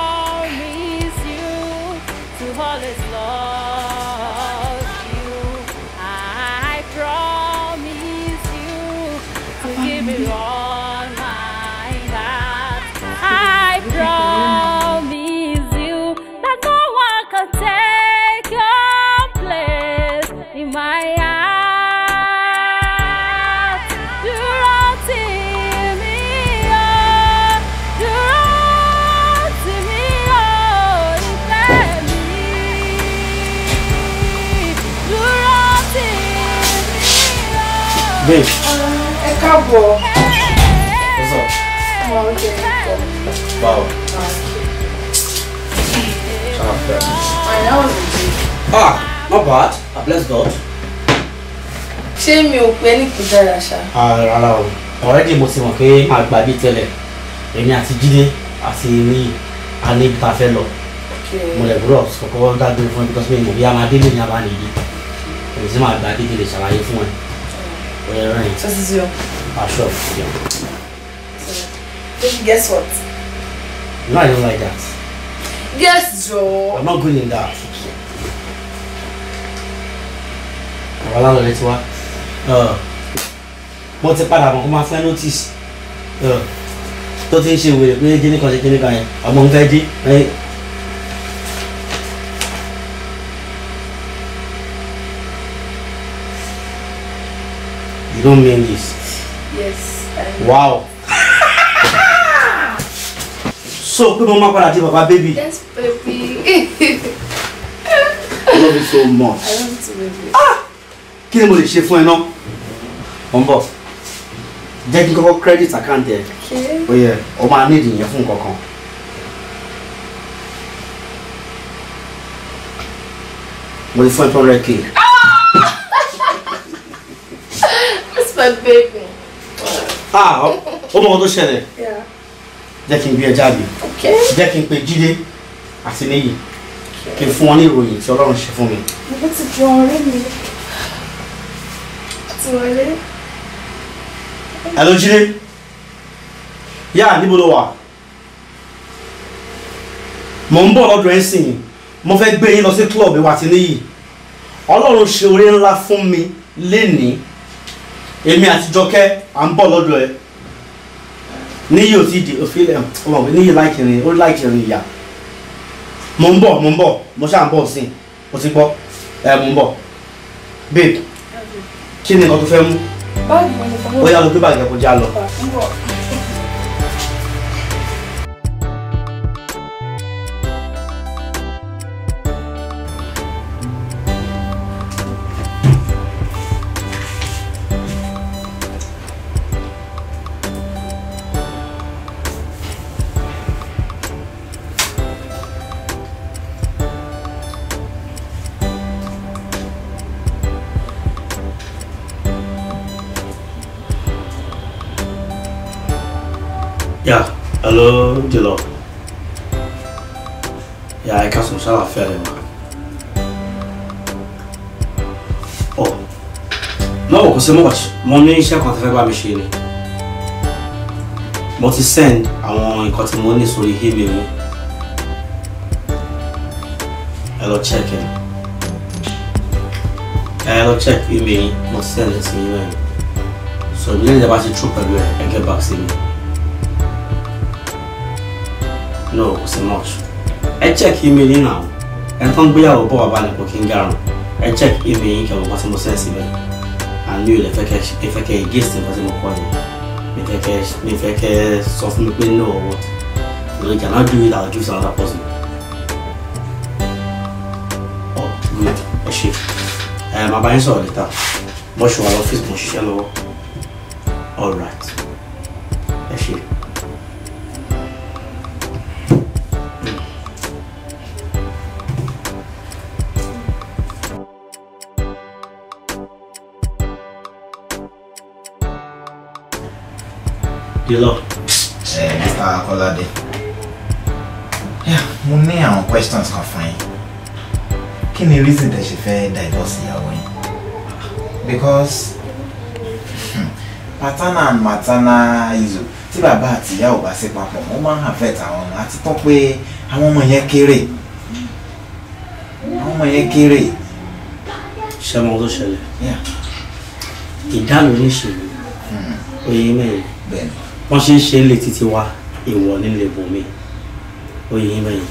Babe. Ẹ káàbọ̀. What's up? Wow, okay. Wow. Ah, fair. I know. Ah, not bad. I bless God. Ṣé mi ò pẹ́ ní kò dára ṣá? Ah, rárá o, already mo ti mọ̀ pé máa gbà bí tẹ́lẹ̀. Èmi àti Jídé àti Rí àní ibi tá a fẹ́ lọ. Mo lè gbúdọ̀ kọ́kọ́ dá dúró fún ẹ bí kọ́sí mi mọ̀ bí a máa délé ní abá nìyí. Èmi sì máa gbà bí tẹ́lẹ̀ ṣàlàyé fún ẹ. We're right. So this is your. Ah, sure. Yeah. So, then guess what? No, I don't like that. Guess so. I'm not good in that. Àwọn aláwọ̀ lẹ́tí wá. Uh, mo ti padà mọ̀ kó máa fẹ́ notice uh, tó ti ń ṣe wèrè pé kíní kan ṣe kíní kan yẹn. Ọmọ ń fẹ́ dé. You don't mean this. Yes, I know. Wow. so, pé mo máa padà baby. Yes, baby. I love you so much. I love you too, baby. Ah! Kí ni mo lè ṣe fún ẹ náà? Mo ń credit account ẹ. Okay. Ó yẹ, o máa ní ìdìyẹn fún nǹkan kan. mo ti fún ẹ two hundred celebrate me. ah ó mọ ohun tó ṣẹlẹ̀ jẹ́ kí n gbé ẹ jáde jẹ́ kí n pe Jídé àti Níyì kí n fún wọn ní ìròyìn tí Ọlọ́run ṣe fún mi. mo ti ju ọ̀rẹ́ mi ti wọlé. Hello Jídé yá níbo ló wà mo ń bọ̀ lọ́dọ̀ ẹ̀ sìn mo fẹ́ gbé yín lọ sí club wa ti Níyì Ọlọ́run ṣe oore ńlá fún mi lénìí èmi àti jọkẹ́ à ń bọ̀ lọ́dọ̀ ẹ níyì ò ti di òfin ọmọ mi níyì láìkì rìn ó láìkì rìn ìyá mo ń bọ̀ mo ń bọ̀ mo ṣáà ń bọ̀ sí i mo ti gbọ́ ẹ mo ń bọ̀ babe kí ni nǹkan tó fẹ́ mú bóyá ló gbé bàgẹ́ kó lọ. No, kò sí much mo ní iṣẹ́ kan tí fẹ́ bá mi ṣe ni send I want tí mo ní sórí email mi ẹ lọ check ẹ ẹ check him. yín mo send ẹ sí yín lẹ́yìn so ìdílé ìjọba ti tú pẹ̀lú ẹ and get back to me. no kò sí much I check him, yín náà ẹ tán gbéyàwó bọ̀ wá bá nìkan in n gàrùn ẹ check email yín kẹwàá bá tí mo send síbẹ̀ àmì ò lè fẹ́ kẹ́ fẹ́ kẹ́ gist nǹkan tí mo kọ́ yẹn mi fẹ́ kẹ́ mi fẹ́ kẹ́ sọ fún mi pé no ọwọ́ ìrìn ìjà náà dúró ìlànà juice another person. ọ oh, good ẹ ṣe ẹ máa bá yín sọ̀rọ̀ níta bọ́ṣù wa lọ́fíìsì mo ṣiṣẹ́ lọ́wọ́ all right ẹ ṣe. Taylor. Ẹ Mr. Yeah, Mo ní àwọn questions kan fún Can you ni reason tẹ́ ṣe fẹ́ divorce ìyàwó yín? Because hmm, Patana and Matana, issue tí bàbá àti ìyá ò bá sí papọ̀ wọ́n máa ń affect àwọn top àti tán pé àwọn ọmọ yẹn kéré àwọn ọmọ yẹn kéré. Yeah, ọmọ tó ṣẹlẹ̀ ìdálò ní ìṣèlú wọ́n ṣe ń ṣe ilé títí wa ìwọ̀ nílé bòmí oyè yín bẹ́yìn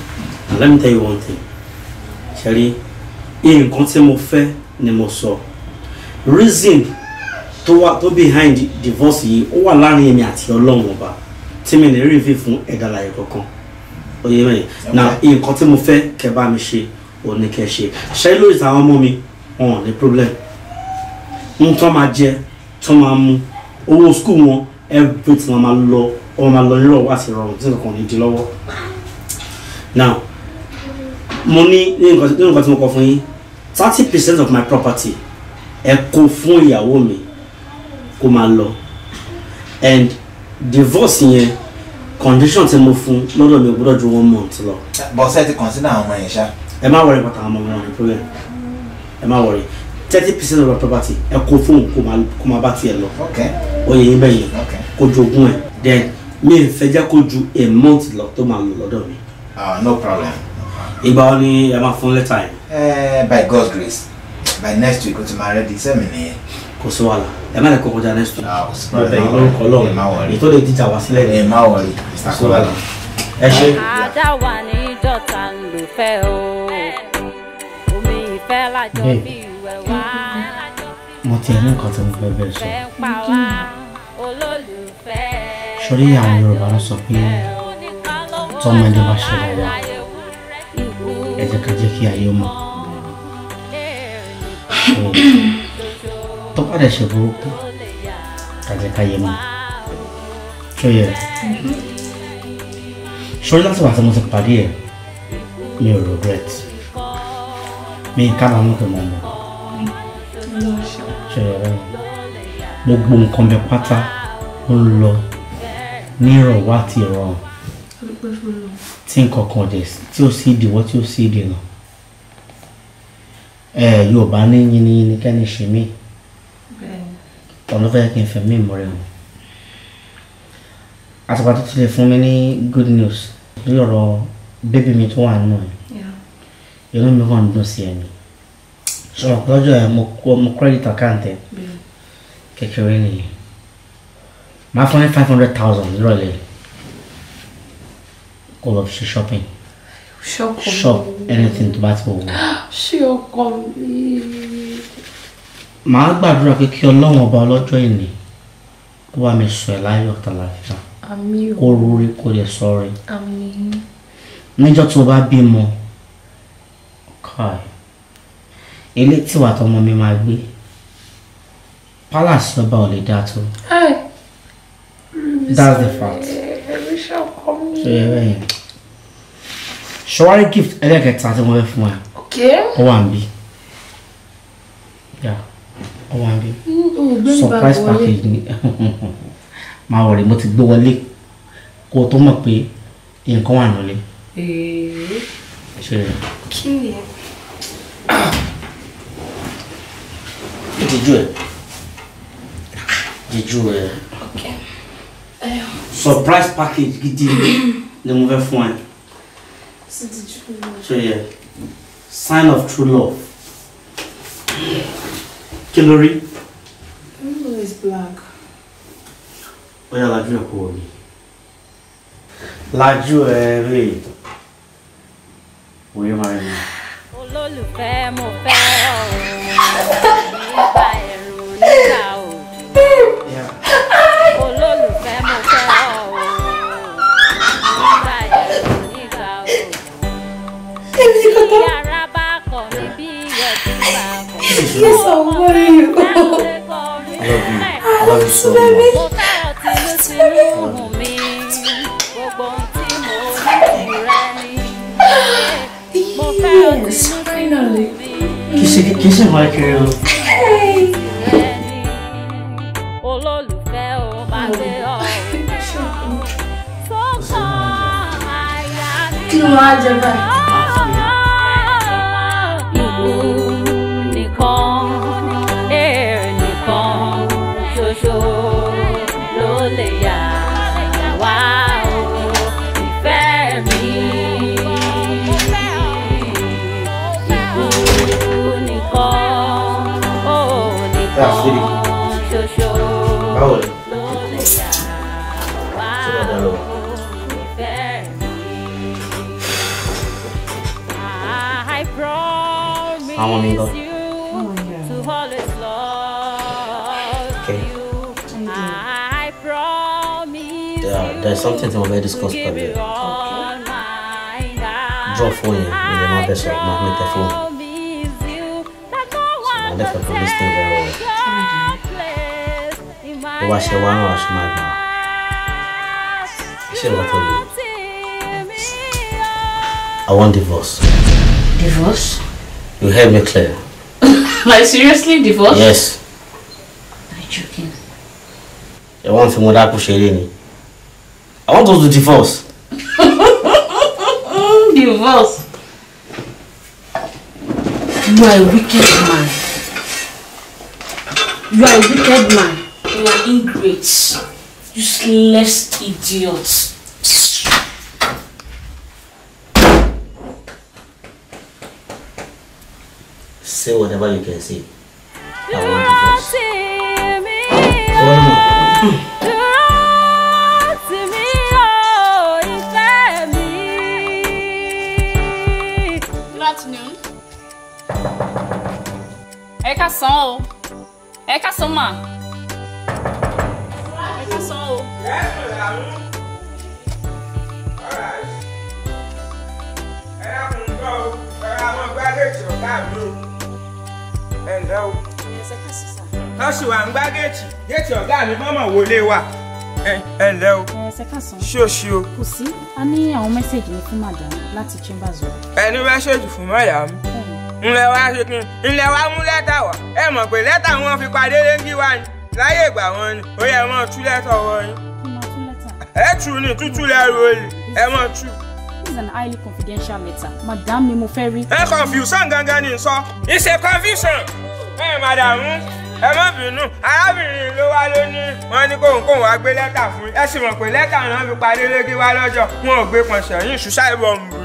and let me tell you one thing ṣẹ́rí nǹkan tí mo fẹ́ ni mo sọ reason tó wà tó behind divorce yìí ó wà láàrin èmi àti ọlọ́run ọba tí mi lè rí fi fún ẹ̀dá láyé kankan oyè bẹ́yìn na nǹkan tí mo fẹ́ kẹ́ bá mi ṣe ò ní kẹ́ ṣe ṣẹ́rí lórí àwọn ọmọ mi wọn ò ní problem ń tọ́ máa jẹ tọ́ máa mu owó skul wọn everything ọmọ lọ ọmọ lọ nírọ̀ wá sí rọrùn tí nǹkan ní di lọ́wọ́ now mo ní nǹkan tí mo kọ fún yín thirty percent of my property ẹ kó fún ìyàwó mi kó máa lọ and divorce yẹn condition tí mo fún lọ́dọ̀ mi ò gbọ́dọ̀ ju one month lọ. bọ́sẹ̀ ti consider àwọn ọmọ yẹn ṣá. ẹ má worry pàtàkì àwọn ọmọ wọn ní problem ẹ má worry thirty percent of my property ẹ kó fún kó máa bá tiẹ̀ lọ. okay. oyè yín bẹ́ẹ̀ yẹn. okay kó jogún then mi n fẹ́ jẹ́ a month lọ tó máa lò lọ́dọ̀ mi. ah no problem. ìgbà wo ni ẹ máa fún lẹ́tà yẹn. Eh, by God's grace by next week o ti máa ready sẹ́mi nìyẹn kò sí wàhálà ẹ má lè kó kọjá next week ah, mo bẹ yín lórúkọ lọrùn ètò lè díjà wá sílẹ̀ ní ẹ má wọrí kò sí ẹ ṣe. àdáwà ní dọ́tà ń lò fẹ́ o omi ìfẹ́ lájọ bí ìwẹ̀ wá. mo ti ẹ̀ ní nǹkan tó ń fẹ́ bẹ́ẹ̀ sọ sórí àwọn Yorùbá ló sọ pé tọ́mọ ẹni bá ṣe dáadáa ẹ jẹ́ ká jẹ́ kí ayé mọ̀ tó bá dẹ̀ ṣe burúkú ká jẹ́ ká yé mọ̀ tó yẹ sórí láti wà tí mo ti nírọ̀ wá ti rọ̀ tí nǹkan kan dẹ̀ tí ó sì dìwọ́ tí ó sì dìnà yorùbá ní yínníyínní kẹ́ni ṣe mí ọ̀nà fẹ́ kí n fẹ́ mí mọ́ rẹ̀ o àtàpà tó tilẹ̀ fún mi ní good news lórí ọ̀rọ̀ bébí mi tó wà nù ẹ̀ inú mi kàn ń dùn sí ẹni ṣọlọ́pọ̀ lọ́jọ́ ẹ̀ mo credit account ẹ̀ kékeré nìyẹn máa fún ní five hundred thousand nírọ̀lẹ́ kó lọ shopping shop anything tó bá ti wò wò. ṣé ọkọ mi. màá gbàdúrà pé kí ọlọ́run ọba ọlọ́jọ́ ìní kó bá mi sọ ẹ̀ láyọ̀ tàlàfíà kó rúurí kó lè sọ rẹ̀ níjọ́ tó bá bímọ káì ilé tíwà tọmọ mi máa gbé pálásì ọba ò lè dá tó. That's the fact. So yeah, yeah. Ṣọwárí gift ẹlẹ́kẹta tí something fẹ́ fún ẹ. Ó wà níbí. Ó wà níbí. Surprise package ni. Máa wọ̀rẹ̀ mo ti gbé wọlé kó o tó mọ̀ pé nǹkan wà nílé. Eh. Ṣé ẹ? Kí ni ẹ? Jíjú surprise package gidi ni mo fẹ́ fún ẹ. so yẹ yeah. sign of true love kí ló is black. Oh yeah, ẹ̀ kó o mi lájú ẹ̀ rè òye máa ń lọ olólùfẹ́ Yes, I'm worried. I love you. I love you so much. finally. sínú ajẹ báyìí. nìkan èrè nìkan ṣoṣo There's something tí mo fẹ́ discuss pẹ̀lú ẹ drop fóònù yẹn mi lè má bẹ sọ má mi tẹ fóònù ṣùgbọ́n lẹ́fẹ̀ẹ́ fún this thing very well bó bá ṣe wá náà wá ṣe máa gbà ṣé ìwà tó I want divorce. Divorce? You heard me clear. like seriously, divorce? Yes. Are you joking? Ẹ wọ́n fi mo dákú ṣeré ni want us the divorce. divorce. You are a wicked man. You are a wicked man. You are ingrate. Useless idiot. Say whatever you can say. I want divorce. É kásán o ẹ kásán mà Hello. kásán o. lọ́sùn wa ń gbá géètì géètì ọ̀gá mi mọ́mọ́ wọlé wa ẹ Hello. o ṣó ṣí o. kò sí a ní àwọn mẹ́sẹ̀gì fún màdàm láti chambers. ẹ ní mẹ́sẹ̀gì fún màdàm ńlẹ̀ wá ṣe ńlẹ̀ wá mú lẹ́tà wá ẹ mọ̀ pé lẹ́tà wọn fi padé léńgí wá ni láyé ìgbà wọn ni ó yẹ mọ́ tú lẹ́tà wọn ni. ẹ tù ní tútù lẹ́rù olè ẹ mọ́ tù. This is an highly confidential matter. Madam ni mo fẹ́ rí. Ẹ confusion gangan ni sọ. It's a confusion. Ẹ Madam. ẹ má bínú arábìnrin ló wá lónìí wọ́n ní kóhunkóhun wá gbé lẹ́tà fún yín ẹ sì mọ̀ pé lẹ́tà náà fi parí légé wá lọ́jọ́ wọn ò gbé pọ̀nsẹ̀ yín ìṣúṣà ìbọn òmùrù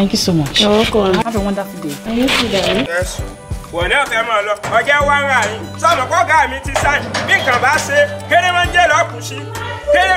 Thank you so much. You're welcome. Have a wonderful day. And you too, darling. Yes. wọ̀n náà fẹ́ máa lọ ọjọ́ wá ń rà yín sọ̀rọ̀ kọ́gà mi ti sáyìn bí nǹkan bá ṣe kéré máa ń jẹ́ lọ́kùn sí kéré.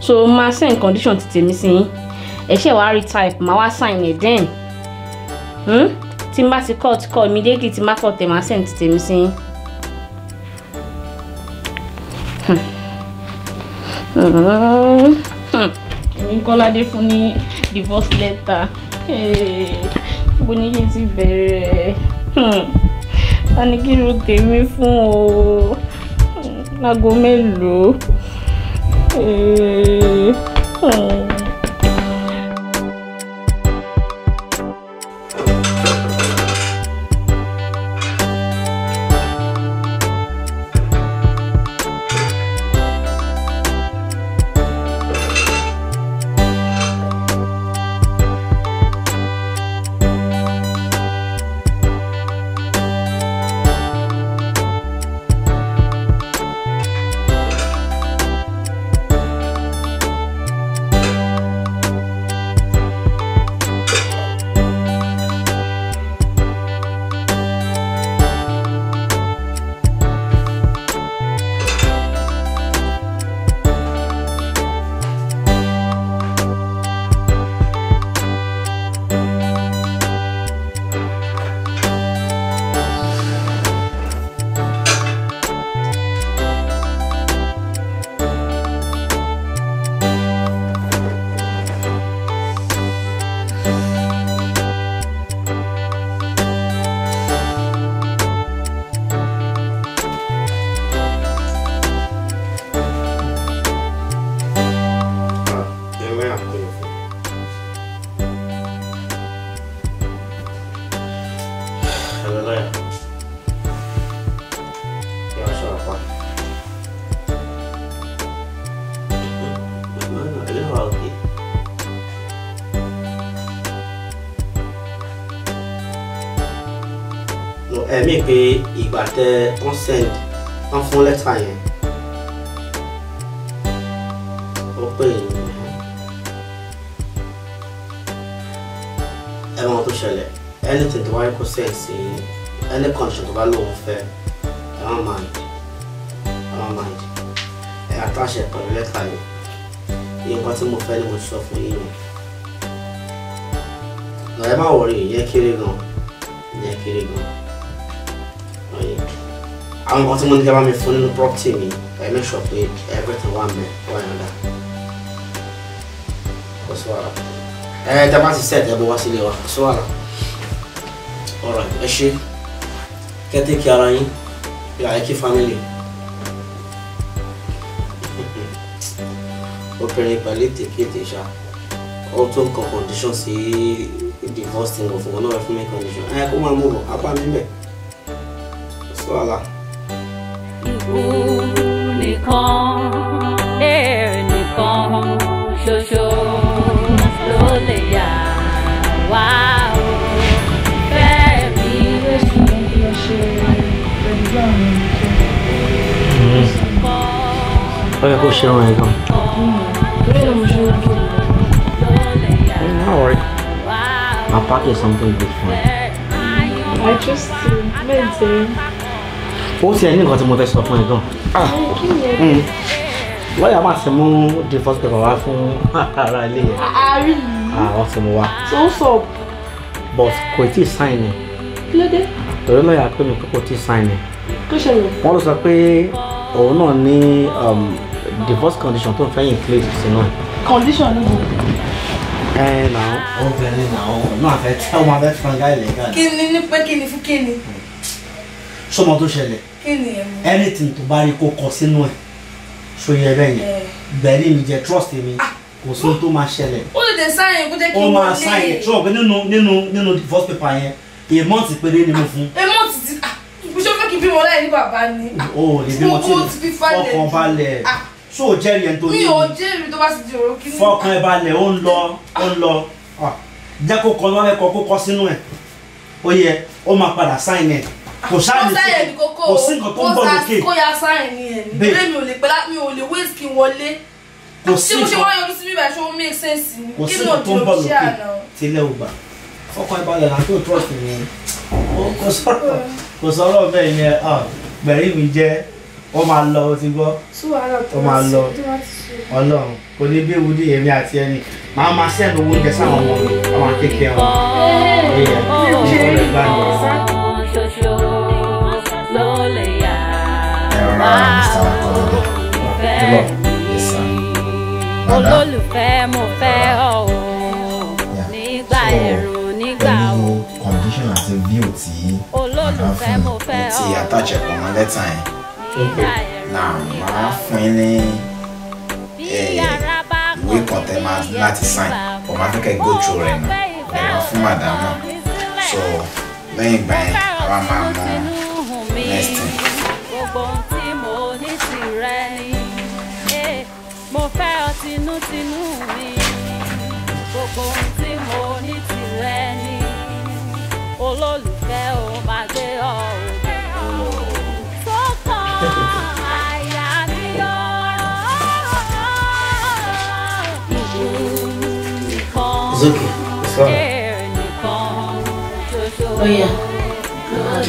so máa send condition ti tèmi sí yín ẹ̀ṣẹ̀ wàá rí type máa sign ẹ̀ then hmm, n bá ti cut call immediately tí n Call cut tẹ̀ máa send ti tèmi sí yín. Hmm. èmi kọ́ládé fún ní divorce letter bó ní kí n ti bẹ̀rẹ̀ hmm. wọ́n ní kí ro tèmi fún o láago mélòó. Hmm. Il pé ìgbà tẹ consent wọ́n fún lẹ́tà yẹn ó pè é ẹ̀wọ̀n tó ṣẹlẹ̀ anything tó bá rí consent sí any country tó bá lóun fẹ́ ẹ̀wọ̀n mind ẹ̀wọ̀n mind ẹ̀ àtàṣe Il lẹ́tà yẹn pas nǹkan tí mo fẹ́ ni mo sọ Il yín o lọ́yẹ́ má wọ̀rí ìyẹn kéré gan ìyẹn kéré gan àwọn nǹkan tí mo ní kí ẹ bá mi fún nínú property mi ẹ make sure pé everything wà mẹ wà yàn dá kò sí wàhálà ẹ tẹ bá ti set ẹ bọ wá sílé wa kò sí wàhálà ọ̀rọ̀ ẹ ṣe kẹ́tẹ́kì ara yín yà ẹ kí family obìnrin pẹ̀lú tèkéte ṣá ó tó nǹkan condition sí divorce thing of one of my condition ẹ kó máa mú lọ apá mi bẹ̀ sí wàhálà. con để như con cho cho lỡ lệ ya wow baby 아이고 시원해 이거 Don't worry. I'll pack you something different. I choose to maintain. 옷이 있는 거 같은 못했어, 보니까. Ah, hmm. lọ́yà máa ti mú divorce paper wá fún ara ilé yẹn. àárí yìí. àwọn ti mú wá. so sọ. but kò tí ì sign ni. kí ló dé. torí lọ́yà pé mi kò tí ì sign ni. tó ṣẹlẹ̀. wọ́n ló sọ pé òun náà ní um, divorce condition tó ń fẹ́ yìn place sínú ẹ̀. condition ló bọ̀. ẹ náà. obìnrin náà náà fẹ́ tẹ́ ọmọ abẹ́ fún ọgá ìlẹ̀kẹ́. kí ni ní pé kí ni fún kí ni sọmọ tó ṣẹlẹ̀ anything tó bá rí kó kọ sínú ẹ̀ ṣòye bẹ́ẹ̀ yẹn eh. bẹ̀rí mi jẹ́ trust mi ah. kò sí tó máa ṣẹlẹ̀ ó lè sáyìn kó jẹ́ kí n wọlé ó máa sáyìn trump nínú nínú nínú divorce paper yẹn a month péré ni mo fún. a month ti bíṣọ́ ah, fẹ́ kí n bímọ láì ní bàbá ni. o ò lè bímọ tí ọkàn balẹ̀ so ah. jẹ́rìí ẹni tó ní. mi ò jẹ́rìí tó bá ti di òrò kí ni. fọkàn ẹ balẹ̀ ó ń lọ ó ń lọ jẹ́ kó kọ́ lọ́rẹ́ kọ́ kó kọ́ sínú ẹ̀ ó yẹ ó máa padà sáyìn ẹ̀ kò sáàyè sí kò sí nǹkan tó ń bọ̀ lókè kó ya sáàyè ni ẹ̀ ní ilé mi ò lè pẹ́ láti mi ò lè wíìsì kí n wọlé kò sí nǹkan tí mo ṣe wá yọjú sí bíbẹ̀ ṣé ó mí sẹ́ǹsì ni kí ló di òṣì àná. tilẹ̀ ò gbà ọkọ̀ ìbálẹ̀ àti òtúrọ̀sì ni kò sọ̀rọ̀ kò sọ̀rọ̀ bẹ́ẹ̀ yẹn gbẹ̀rí mi jẹ́ ó máa lọ ó ti gbọ́ ó máa lọ ọlọ́run kò ní bí ewúdí èmi àti ẹni màá máa sẹ́nu owó jẹ sáwọn ọmọ mi àwọn akékèé wọn. ara mr akọni ìfẹ́ olólùfẹ́ mo fẹ́ ọ o nígbà èrò nígbà o condition àti view tí olólùfẹ́ mo fẹ́ ọ o ti attach ẹ̀pọ̀ mọ́ lẹ́tà yẹn náà máa fún yín ní ìwé kan tẹ́ máa láti sign ọ̀ máa fẹ́ kẹ́ go through rẹ̀ náà ẹ̀ máa fún màdámù so lẹ́yìn ìgbà yẹn àwa máa mọ next thing. tinútinú mi gbogbo ohun tí mo ní tìrẹ ni olólùfẹ́ ò máa gbé ọ òde It's okay. Oh yeah. Good.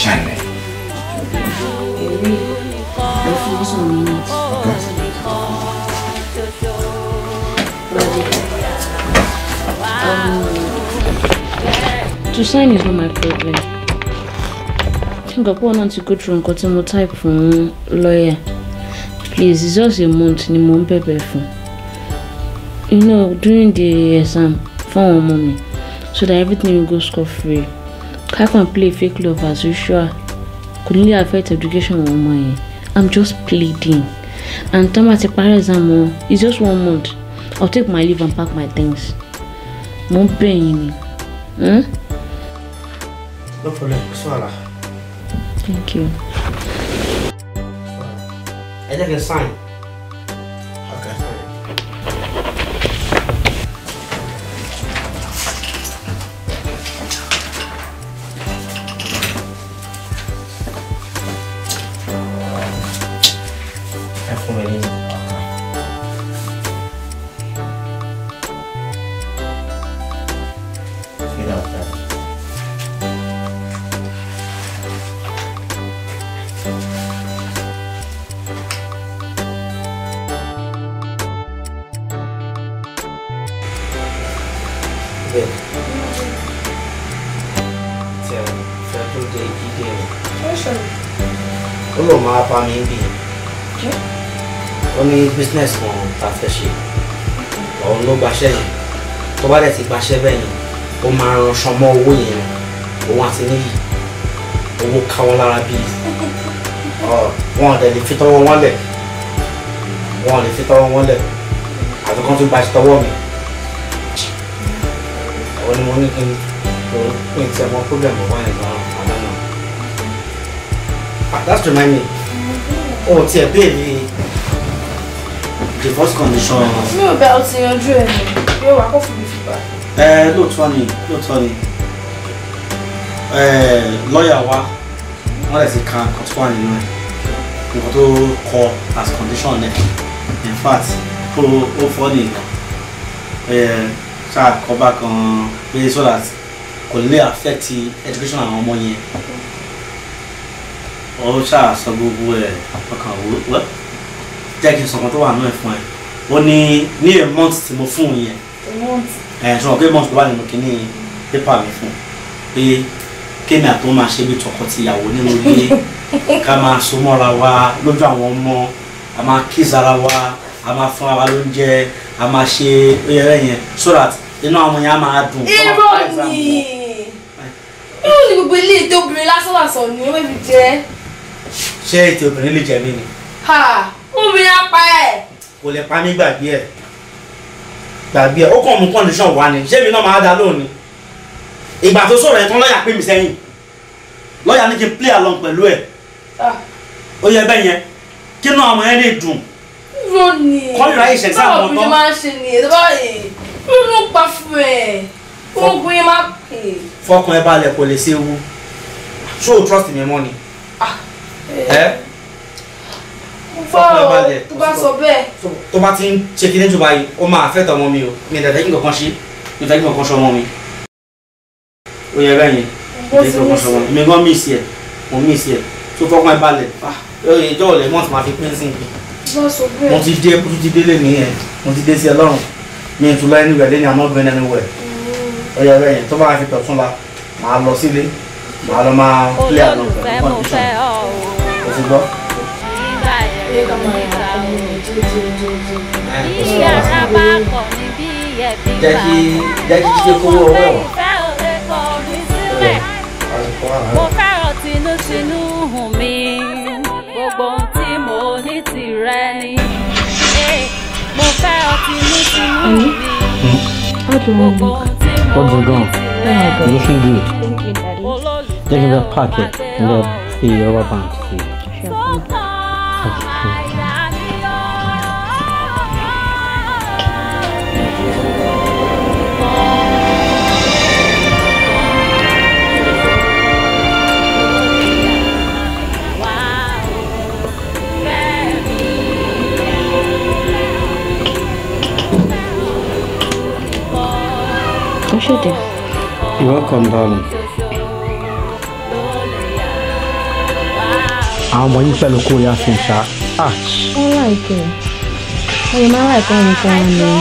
Shining mi ló fi ń sùn mí To sign is not my problem. Nǹkan pọ̀ náà ti go through nǹkan tí mo type from lawyer. Please, it's just a month ni mo ń bẹ̀bẹ̀ fún. You know, during the exam, fáwọn ọmọ mi so that everything will go scot free. Ká kàn play fake love as usual kò ní affect education wọn ọmọ yẹn i'm just pleading and tọ́ bá ti parí exam wọn it's just one month i'll take my leave and pack my things mo ń bẹ̀ yín ni. Hmm? no problem sọ àlà. thank you. ẹ jẹ́ kí n sign. bẹ́ẹ̀ tí ẹ fẹ́ tó dé ibi dé ẹ̀. ó lọ máa bá mi bì í ó ní business kan tá a fẹ́ ṣe òun ló gbaṣẹ́ yẹn tó bá dẹ̀ ti gbaṣẹ́ bẹ́ẹ̀ yẹn ó máa ránṣọ mọ́ owó yẹn òun àti níyì owó káwọn lára bíi wọn ò dẹ̀ lè fi tọwọ́ wọn lẹ̀ wọn ò lè fi tọwọ́ wọn lẹ̀ àti tún gbaṣẹ́ tọwọ́ mi òun mo ní kí n pè tí ọmọ problem wà nígbà àdá náà. Ah, that's remind me mm-hmm. o ti ẹ̀ bẹ́ẹ̀ ni divorce condition. mi ò bẹ ọtí yanjú ẹ ní yóò wá kó fún mi fipá. ẹ lóòótọ́ ni lóòótọ́ ni lọ́ọ̀yà wa wọ́n lè ti ka nǹkan tó wà nínú ẹ̀ nǹkan tó kọ as condition ẹ̀ in fact ó fọ́ nìyẹn try cover kan pé so that kò lè affect education àwọn ọmọ yẹn ó ṣáà sọ gbogbo ẹ̀ ọkàn wọ́ jẹ́ kí n sọ̀kan tó wà náà fún ẹ ó ní ní a month tí mo fún un yẹn ẹ̀ sọ̀rọ̀ pé month tó wà nínú kínní pépà mi fún pé kéèmì àtọ́ máa ṣe bí tọkọtìyàwó nínú ilé ká máa so mọ́ra wa lójú àwọn ọmọ a máa kiss ara wa a máa fún ara wa lóúnjẹ a máa ṣe oyè rẹ̀ yẹn so that inú àwọn yẹn á máa dùn. irọ́ ni irú ni gbogbo ilé ètò obìnrin lásánlàsàn ni wọ́n fi jẹ́. ṣé ètò obìnrin lè jẹ mí ni. ha obìnrin apá ẹ̀. kò lè pa mí gbàgbé ẹ̀ gbàgbé ẹ̀ ó kàn mú condition wá ni ṣé mi náà máa dá lónìí ìgbà tó sọ̀rọ̀ ẹ̀ tán lọ́ọ̀yà pè mí sẹ́yìn lọ́ọ̀yà ní kí n play along pẹ̀lú ẹ̀ ó yẹ bẹ́ẹ̀ yẹn kí inú àwọn yẹn lè dùn. irọ́ ni kọ́ni ráyè àwọn ọ̀tọ́ mo ló pa fún ẹ oògùn yẹn má pè. fọkàn ẹ balẹ̀ kò lè ṣe ewu ṣó o trust mi mọ́ ni. Ah, eh. fọkàn ẹ balẹ̀ tó bá sọ bẹ́ẹ̀. tó bá ti ń ṣe kí ní jù báyìí ó máa fẹ́ tọmọ mi o mi ìdàdà yìí nǹkan ṣe mi ìdàdà yìí nǹkan ṣe ọmọ mi. ó yẹ bẹ́ẹ̀ yẹn ìdàdà yìí nǹkan ṣe ọmọ mi mi gan miss ẹ mo miss ẹ tó fọkàn ẹ balẹ̀ ah, eh, ìjọ́ ọ̀lẹ́ mọ́tò máa fi pín sí i mo ti dé mo ti délé nìyẹn mo ti dé sí ẹ lọ́rùn mi n tún lọ ẹni wẹ̀ lẹ́yìn àmọ́ gbẹ́ni ẹni wẹ̀ ọyọ mm. rẹ̀ yẹn tó bá fi tọ̀tún la màá lọ sílé màá lọ máa kílẹ̀ àná pẹ̀lú kọ́ńtíṣàn kò sí gbọ́. jẹ́ kí jẹ́ kí jíjẹ́ kówó ọwọ́ ẹ̀ wá. Hmm? How do I look? What bulldog? Oh Looking good. Thank you, Daddy. Look in pocket. In the, the rubber band. appreciate it. welcome, darling. àwọn ọmọ yín fẹ́ ló kórè àfihàn ṣá. wọ́n láìpẹ́ ọ̀rẹ́ máa láìpẹ́ àwọn nǹkan wọn ni.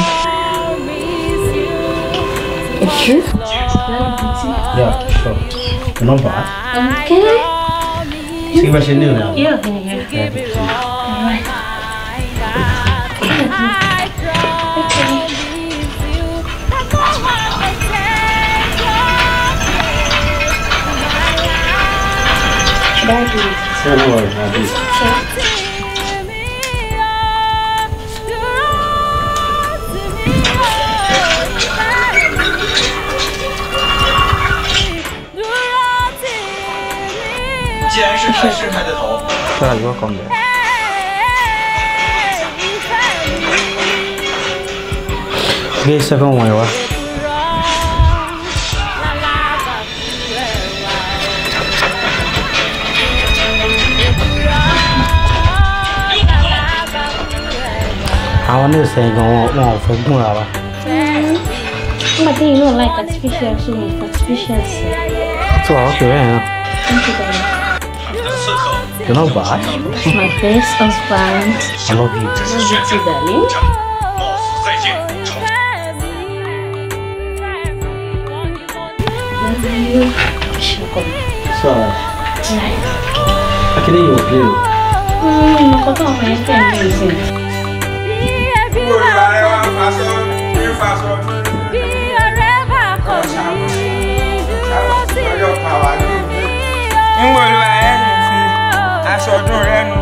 ẹ̀ṣú. Yeah, sure. Remember? Okay. See what you do now? Yeah, yeah. yeah. 既然是 P 师派的头，再来一个光点。这是什么玩意儿？Our new saying won't want for Gumara. But they don't like artificial swimming for artificial swimming. So I'll do Thank You know why? My first husband. I love you. Love you too, darling. Love you. Sorry. I can hear your view. Mm, I can't hear your view. Bí ọ̀rẹ́ bá kọ̀ mí, dúró sí mi. Ń gbòòrò ẹnu fi aṣọ ọdún rẹ nu.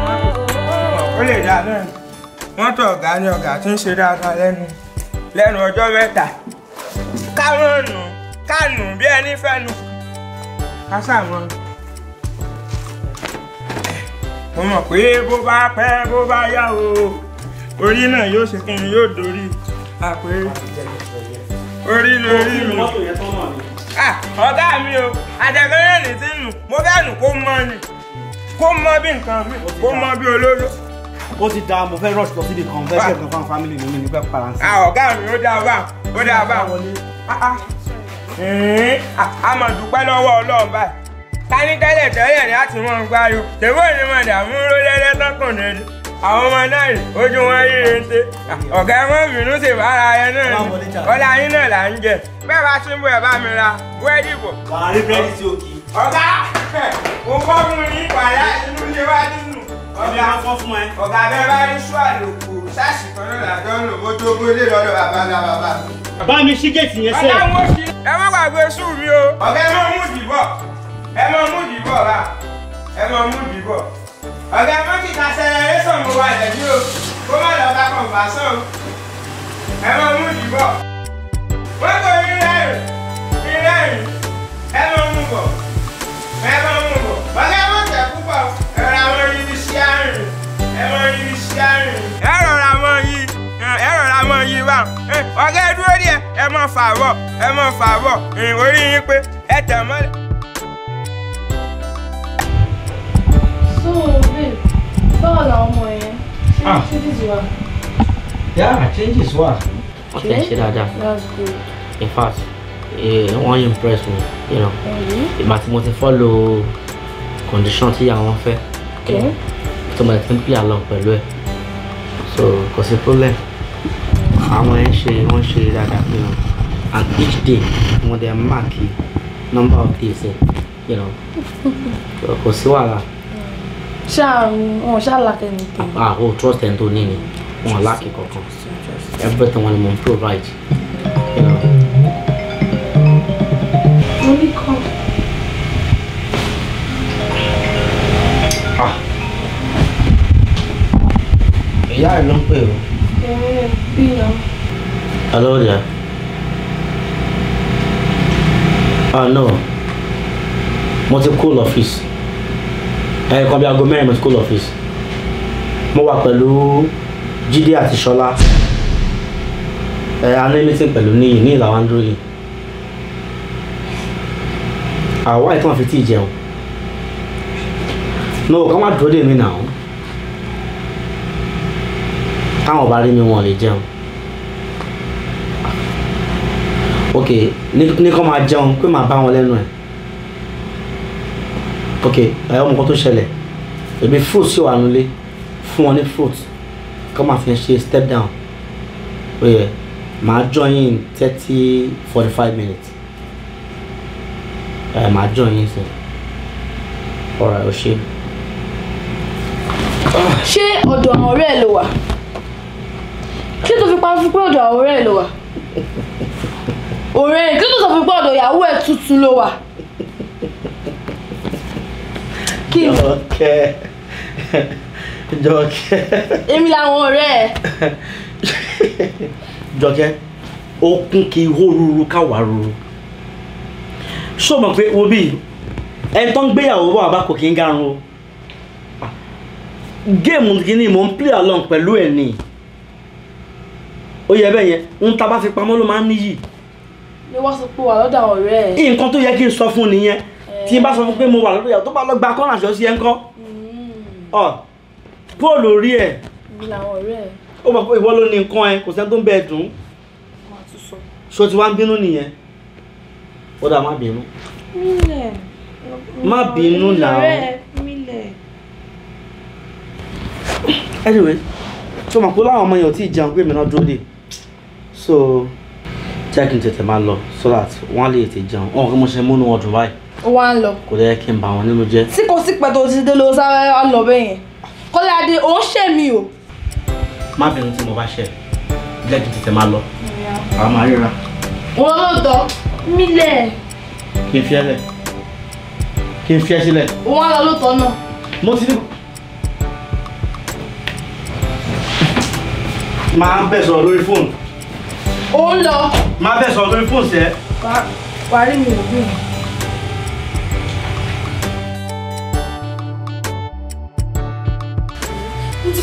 Ó lè dá lẹ́nu. Wọ́n tọ̀ ọ̀gá ní ọ̀gá tí ń ṣe dáadáa lẹ́nu. Lẹ́nu ọjọ́ mẹ́ta. Kárọ̀nù kánù bí ẹni fẹ́nu. Kásáwọn. Mo mọ̀ pé bó bá pẹ́ bó bá yá o, orí náà yóò ṣe kí ni yóò dorí àpérò orí lórí Ah, ọ̀gá mi o àjẹgẹ́rẹ́ lè ti nù mo fẹ́ nù kó mọ ni kó mọ bí nǹkan mi kó mọ bí olóró. ó ti da mo fẹ́ rush lọ síbi kan fẹ́ ṣe nǹkan fún family mi ní pẹ́ paransi. ọ̀gá mi ó dáa bá ó dáa bá ah, ah. a máa dúpẹ́ lọ́wọ́ ọlọ́run báyìí ká ní tẹ́lẹ̀ tẹ́lẹ̀ ni a ti mọ̀ ń gbáyò tèwọ́ ni mo dààmú ló lẹ́lẹ́ tán kàn lẹ́nu àwọn ọmọ náà ojú wọn rí rente ọ̀gá ẹ wọ́n bínú sí ìbára ẹ náà ni ọlá yín náà là ń jẹ bẹ́ẹ̀ bá tún bọ̀ ẹ̀ bá mi ra búrẹ́dì bọ̀. wàá rí búrẹ́dì tí o kì í. ọ̀gá mo fọ́ fún yín pàyà inú ilé wa nínú. ọ̀gá fọ́ fún ẹ. ọ̀gá bẹ́ẹ̀ bá rí sùn àlòkù sáàsì kan náà làjọ ń lò ó tó gbélé lọ́dọ̀ bàbá ńlá bàbá mi. bá mi ṣí gẹ̀ẹ́tì yẹn sẹ́ẹ̀. ẹ má gbàgbé sùn mi o. ọ̀gá ẹ má mú ìdìbọ̀ ẹ má mú ìdìbọ̀ bá ẹ má mú ìdìbọ̀ ọ̀gá mọ́kìtà sẹlẹrẹ́sọ̀ mo wà lẹ́bí o kó má lọ bá kọ̀ǹfàṣọ̀ o ẹ mọ mú ìbọ̀ wọ́n kò rí rẹ́rìn rí rẹ́rìn ẹ mọ mú bọ̀ ẹ mọ mú bọ̀ ọ̀gá mọ́kìtà púpọ̀ ẹ rọra mọ yiri sí àárín ẹ mọ yiri sí àárín. ẹ rọra mọ yí ẹ rọra mọ yí wá ọ̀gá ẹ díẹ̀ ẹ mọ fà wọ̀ ẹ mọ fà wọ̀ orí yín pé ẹ tẹ̀ mọ́lẹ̀. so báwo làwọn ọmọ yẹn ṣé ah. changes wà. yeah changes wà. wọ́n ti That's good. in fact It eh, won't impress me you know But tí mo ti follow conditions, tí àwọn fẹ́ tó mo ti ń pè àlọ́ pẹ̀lú ẹ̀ so kò the problem àwọn ẹ̀ ń ṣe wọ́n that, dáadáa you know and each day wọ́n dẹ̀ mark number of days you know kò sí wàhálà ṣáà wọn ṣáà lack anything. ah o ah, trust ẹni tó ní ni wọn lack kankan everything wọn ni mo provide. mo ní kọ́. Ah. ìyá ẹ̀ ló ń pè o. ẹ̀ẹ́ eh, bí i náà. hello there. ah no mo ti call office ẹ̀ẹ̀kan bíi aago mẹ́rin lọ school office mo wà pẹ̀lú Jídé àti Ṣọlá ẹ̀ a ní meeting pẹ̀lú níyì ní ìlà wàá ń dúró yìí àwa ìtàn fi tíì jẹun no kàn má dúró dè mí nà ó táwọn bá rí mi wọn lè jẹun ok ní kàn máa jẹun pé màá bá wọn lẹ́nu ẹ̀ ok ẹ ọmọ kan tó ṣẹlẹ̀ èmi fruit sì wà nílé fún wọn ní fruit kọ́ máa fi ṣe step down ó yẹ màá join in thirty forty five minutes ẹ màá join in sẹ ọ̀rọ̀ ẹ̀ ó ṣe. ṣé ọ̀dọ̀ àwọn ọ̀rẹ́ ẹ ló wà kí ló fi pa fún pé ọ̀dọ̀ àwọn ọ̀rẹ́ ẹ ló wà ọ̀rẹ́ kí ló sọ fún pé ọ̀dọ̀ ìyàwó ẹ̀ tuntun ló wà kí ni. jọkẹ́ jọkẹ́. èmi làwọn ọ̀rẹ́ ẹ. jọkẹ́ ó kún kí ihò ruru ruru ṣó mọ̀ pé wo bíi ẹni tó ń gbéyàwó bọ̀ àbá kò kí ń garun o géèmù kìíní mò ń play along pẹ̀lú ẹ̀ nìyí ó yẹ bẹ́ẹ̀ yẹn ń ta bá fi pamọ́ ló máa ń níyì. ni wọ́n sọ pé wà lọ́dọ̀ ọ̀rẹ́ ẹ̀. nǹkan tó yẹ kí n sọ fún nìyẹn tí n bá sọ fún pé mo wà lọ́dọ̀ ìyàwó tó bá lọ gba kọ́nà àṣọ sí ẹ ńkọ́ ọ bóòlù orí ẹ ó mọ̀ pé ìwọ ló ní nǹkan ẹ kò sẹ́ni tó ń bẹ dùn ṣó ti wá ń bínú nìyẹn ó dà má bínú má bínú náà anyway tó mọ̀ pé láwọn ọmọ yẹn ò tí ì jẹun pé mi dúró dè so jẹ́ kí n tètè máa lọ so that wọ́n á lè tètè jẹun ọ̀hún kí mo ṣe múnú ọdún báyìí ó wá ń lọ. kò dẹ́ kí n bà wọn nínú jẹ́. tí kò sí pẹ̀tọ́ ti dé lọ sáré wá lọ bẹ́ẹ̀ yẹn kọ́lá adé ò ń ṣe mí o. má bínú tí mo bá ṣe lẹ́jù tètè máa lọ àwọn máa ríra. wọn ló tọ mílẹ̀. kí n fi ẹ́ lẹ̀ kí n fi ẹ́ sílẹ̀. wọn lọ ló tọ náà. mo ti ní. máa ń bẹ̀ sọ̀rọ̀ lórí fóònù. ó ń lọ. máa bẹ̀ sọ̀rọ̀ lórí fóònù sẹ́. wàá rí mi ò bí mi.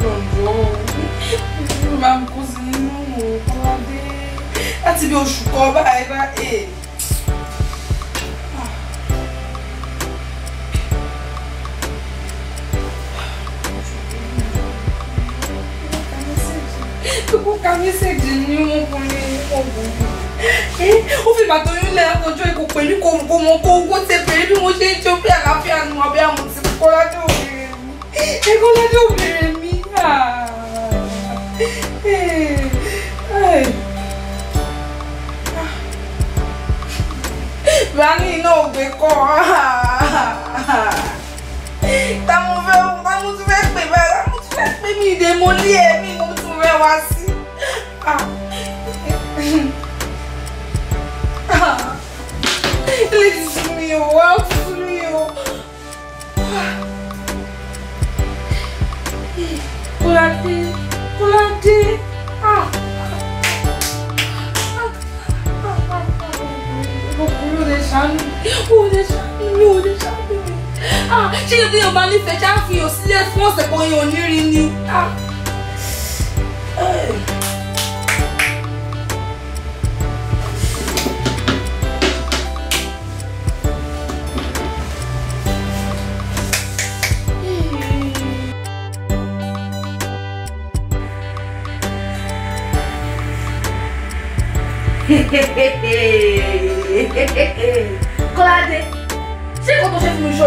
jọjọ ló máa ń kó sí inú ọlọ́dẹ láti bí oṣù kan báyìí bá ẹ̀. kókó ka mẹ́sẹ̀gì ní ọkùnrin ọ̀gbọ̀n ó fi bàtà oyún lẹ́yìn àtọ́jọ́ ikú pẹ̀lú kò kó owó tẹ pẹ̀lú bí mo ṣe ń jẹun bí àlàáfíà nù àbí àmọ̀ tí kọ́ládé òbí rẹ̀ mi kọ́ládé òbí rẹ̀ mi. Bani iná ògbé kọ́ táwọn fẹ́ táwọn tún fẹ́ pè bá táwọn tún fẹ́ pè mí ìdè mo lé ẹ̀mí mo tún rẹwà sí. tí o bá nífẹ̀ẹ́ ṣáà fi hàn sílẹ̀ fún ọ̀sẹ̀ kan yẹn ò ní rí ni. Ah. Kọ́ládé, ṣé kò tó ṣe fún mi ṣó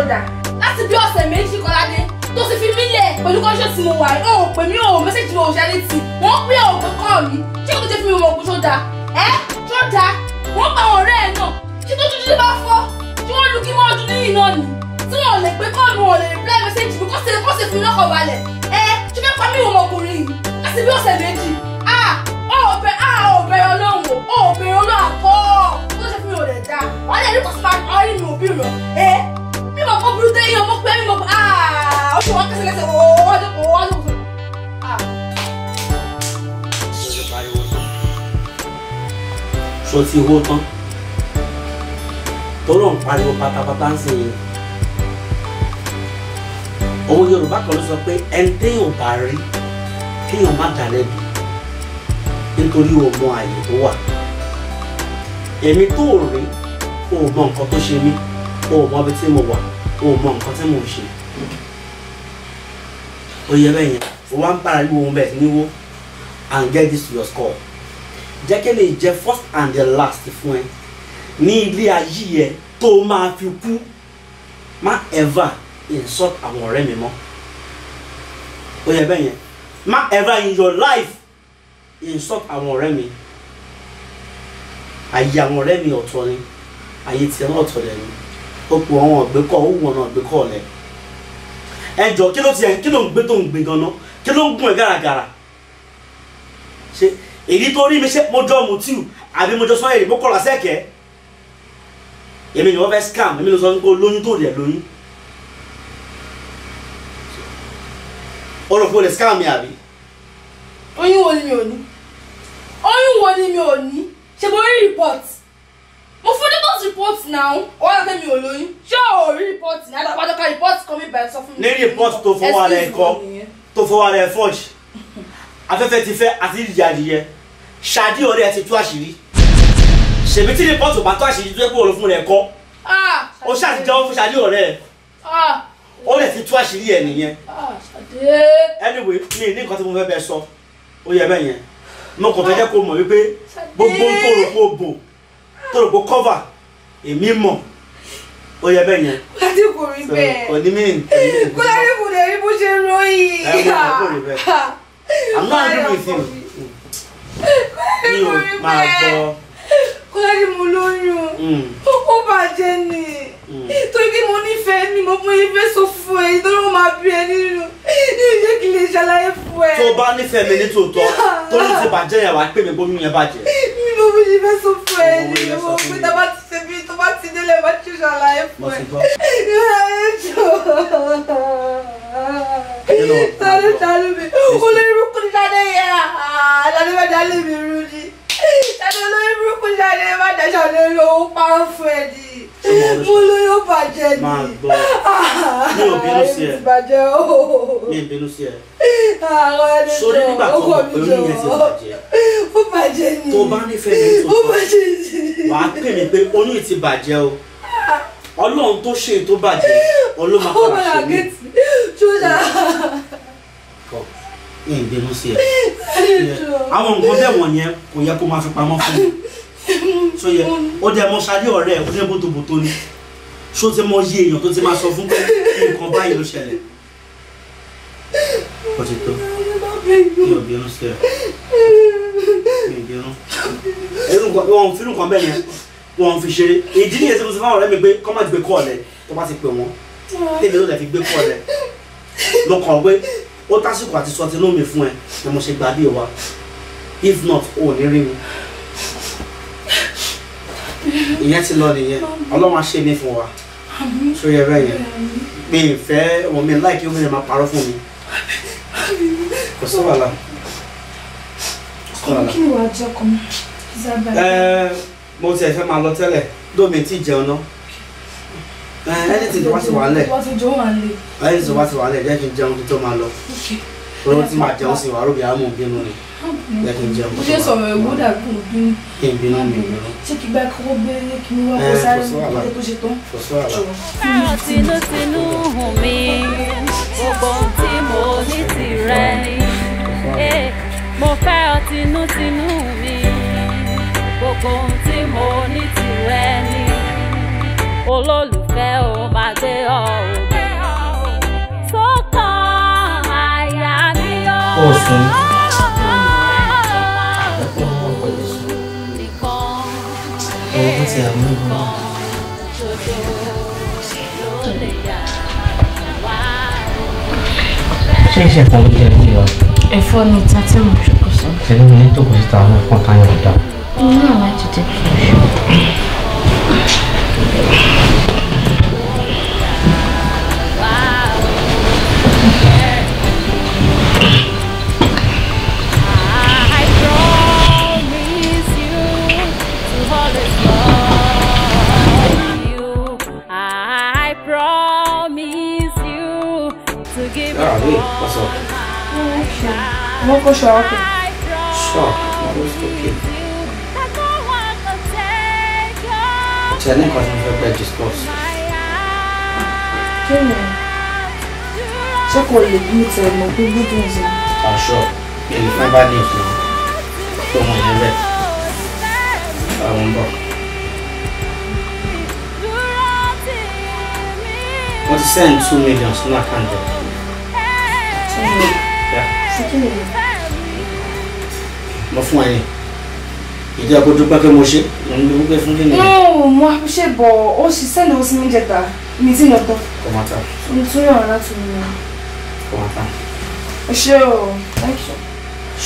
láti bí ọ̀sẹ̀ méjì kọ́ládé tó ti fi mí lẹ̀ pẹ̀lú kọ́ṣọ́ tí mo wà yìí òun pè mí òun mẹ́sẹ̀jì mi ò ṣe létí wọ́n pé òun pé kọ́ mi ṣé kò tẹ́ fi mi mọ̀ kó tó da ẹ́ tó da wọ́n pa àwọn ọ̀rẹ́ ẹ̀ náà ṣé tó dúdú bá fọ́ tí wọ́n lu kí wọ́n dúdú yìí náà nì tí wọ́n lè pé kọ́ mi wọ́n lè reply mẹ́sẹ̀jì mi kó ṣe kó ṣe fi mi lọ́kọ̀ balẹ̀ ẹ́ ṣé fẹ́ pa mí ìwọ̀n ọkùnrin yìí láti bí ọ̀sẹ̀ méjì ah ọ̀bẹ ah ọ̀bẹ ọlọ́run ọ̀bẹ ọlọ́run àkọ́ tó ṣe fi mi ò lè da wọ́n lè rí kó sì máa ọ̀rí mi òbí rọ̀ ẹ́ mi mọ̀ pọ̀ burú tẹ́ yín ọmọ pẹ́ mi mọ̀ pọ̀ ó fi wọ́n kẹsẹ̀ lẹ́sẹ̀ wọ́n wọ́n jókòó wọ́n jókòó sọ̀rọ̀. sọ ti owó tán tọ́lọ̀ ń pariwo pátápátá ń sìn yín ọmọ yorùbá kan ló sọ pé ẹni téèyàn bá rí kéèyàn má dà lẹ́bi nítorí o mọ tó wà èmi tó rí o nǹkan tó ṣe mí o ibi tí mo wà o mọ nǹkan tí mò ń ṣe ó yẹ bẹ́ẹ̀ yẹn o wá ń bára lu ohun bẹ́ẹ̀ níwó and get this to your score jẹ́ kí lè jẹ́ first and the last fún ẹ ní ilé ayé yẹ tó máa fi kú má ever insult àwọn ọ̀rẹ́ mi mọ́ ó yẹ bẹ́ẹ̀ yẹn má ever in your life insult àwọn ọ̀rẹ́ mi àyè àwọn ọ̀rẹ́ mi ọ̀tọ̀ ni àyè tiẹ̀ náà ọ̀tọ̀ lẹ́nu ó pò àwọn ọ̀gbẹ́kọ̀ ó wọ̀nà ọ̀gbẹ́kọ̀ lẹ̀ ẹ jọ kí ló ti yẹn kí ló ń gbé tó ń gbé gan-an kí ló ń gún ẹ gàràgàrà ṣe èyí tó rí mi ṣe mo jọ Mutiu àbí mo jọ sọ èrè mo kọ̀ lásẹ̀kẹ́ èmi ni wọ́n fẹ́ scam èmi ló sọ pé lóyún tó rẹ̀ lóyún olùkọ́ lè scam mi àbí. oyún wo ni mi ò ní oyún wo ni mi ò ní ṣe mo rí report mo fún ní bọ́ọ̀sì rìpọ́ọ̀tì now, ó wá pé mi ò lóyún ṣé o rí rìpọ́ọ̀tì náà àti àpájọká rìpọ́ọ̀tì kan mi bẹ̀rẹ̀ sọ fún mi. ní rìpọ́ọ̀tì tó fọwọ́ rẹ̀ kọ tó fọwọ́ rẹ̀ fọ́ọ̀jì afẹ́fẹ́ ti fẹ́ àti ìyá adìyẹ ṣáàdì ọ̀rẹ́ ẹ ti tú àṣírí ṣèbí tí rìpọ́ọ̀tì ò bá tú àṣírí tó yẹ kó o lò fún rẹ̀ kọ́ ó ah, ṣàtijọ́ fún ṣáàdì ọ̀rẹ́ ẹ ah. ó lè fi tú àṣírí ẹ nìyẹn ah, anyway mi ní nǹkan tí mo fẹ́ bẹ sọ ó yẹ bẹ́ẹ̀ yẹn mo kàn fẹ́ jẹ́ kó mọ̀ wípé gbogbo ń tó bò tó rò pé cover èmi mọ̀ ó yẹ bẹ́ẹ̀ yẹn. láti kò rí bẹ́ẹ̀ kò ní mí kò láti kò rí bó ṣe ròyìn. ẹ kò rí bẹ́ẹ̀ i'm not angry with you. Mm. mi ò máa gbọ́. kò láti mo lóyún mm. ó bàjẹ́ ni. Mm. torí pé mo fait ni mo mo yẹ fẹ́ sọ on m'a bien mo nous, bí ẹ nínú nínú jẹ́ kí n lè ṣàlàyé fún ẹ. tó o bá nífẹ̀ẹ́ mi ní tòótọ́ torí ti bàjẹ́ yẹn wàá pè mí bómi yẹn bàjẹ́. mi mo mo yẹ fẹ́ sọ fún ẹ ni mo pé tá a bá ti ṣe bí tó bá ti délé bá ti ṣàlàyé fún ẹ. tálẹ̀ tálẹ̀ mi olórí mi kúndínlá dé yẹ àdàlẹ́ bá dálé mi rú ni ẹ̀dọ̀ lórí burúkú ṣáde má dáṣà lórí owó pàǹfù ẹ̀ di mo ló bàjẹ́ ni mi ò bínú sí ẹ bàjẹ́ o mi ò bínú sí ẹ sórí nígbà tó mọ̀ pé orí yẹn bàjẹ́ ó bàjẹ́ ni tó bá nífẹ̀ẹ́ mi tó tọ́ wàá pè mí pé oyún ti bàjẹ́ o ọlọ́run tó ṣe tó bàjẹ́ ọlọ́run máa padà ṣe mí ẹ̀ ń bẹnu sí ẹ àwọn nǹkan bẹ́ẹ̀ wọ̀nyẹn kò yẹ kó máa fi pamọ́ fún mi so yẹ ó dẹ mọ sáré ọ̀rẹ́ ẹ̀ ó dẹ bótobóto ni so ti mọ yí èèyàn tó ti máa sọ fún pé nǹkan báyìí ló ṣẹlẹ̀ kọ́títọ́ mi ò bínú sí ẹ mi ò bínú ẹnu nǹkan wọn fi nǹkan bẹ́ẹ̀ yẹn wọn fi ṣeré ìdí nìyẹn tí mo ti fáwọn ọ̀rẹ́ mi gbé kọ́ máa ti gbé kọ́ ọ̀lẹ́ tó bá ti pè wọ́n tèmi ló dẹ̀ fi gbé kọ́ ọ̀lẹ́ lọ́kàn ó tásìkò àti sọ tinú mi fún ẹ ni mo ṣe gbàdí wa if not o ò ní rí mi ìyẹn ti lọ nìyẹn ọlọ́run á ṣe mí fún wa ṣó yẹ bẹ́ẹ̀ yẹn mi ìfẹ́ ọmọ mi láìkí omi rẹ̀ máa parọ́ fún mi kò sí wàhálà kò sí wàhálà. kí mo tiẹ̀ fẹ́ máa lọ tẹ́lẹ̀ dómi tí jẹun náà. Eh, anything tó bá ti wà lẹ̀ anything tó ti wà lẹ̀ jẹ́ kí n jẹun tó máa lọ olówó tí màá jẹun sí wàá rògbì àmọ̀ bínú ni jẹ́ kí n jẹun kí n tó máa lọ. bínú. kí n bínú mi bínú. ṣé kí gbá kókó gbé kí n wá eh, sáré kí kó ṣe tán. ọ̀rọ̀ tinútinú hùn mi gbogbo tí mo ní ti rẹ̀ eh, mo fẹ́ ọ tinútinú mi gbogbo tí mo ní ti rẹ̀ ni olólùfẹ́ ò máa gbé ọ òde tó kàn àyà mi ó. Owó tí a mú bọ̀. Ṣé iṣẹ́ kan ló jẹ́ ní ìlọ? Ẹ̀fọ́ ni tàtí mo ṣokùn sọ. Ṣé ní ilé tó kù síta àwọn ọkàn táyà ọ̀dà? Inú àwọn àjèjì kì í ṣe. Coco Shock. Shock, that was okay. Jenny was in the bed discourse. Jenny, check what you do to my good news. I'm sure. You'll find bad news now. Come on, you're right. I'm back. Want to send two million to my account? Two million? Yeah. Two million lọ fún ẹ ìdí àkójọ pé mo ṣe lọ ní gbogbo fún kí mo mo ṣe bọ̀ ó ṣe sẹ́ni ó sì mí jẹta mi tí yàn tán. kò má ta. mo tún yàn láti mi yàn. kò má ta. ẹ ṣe o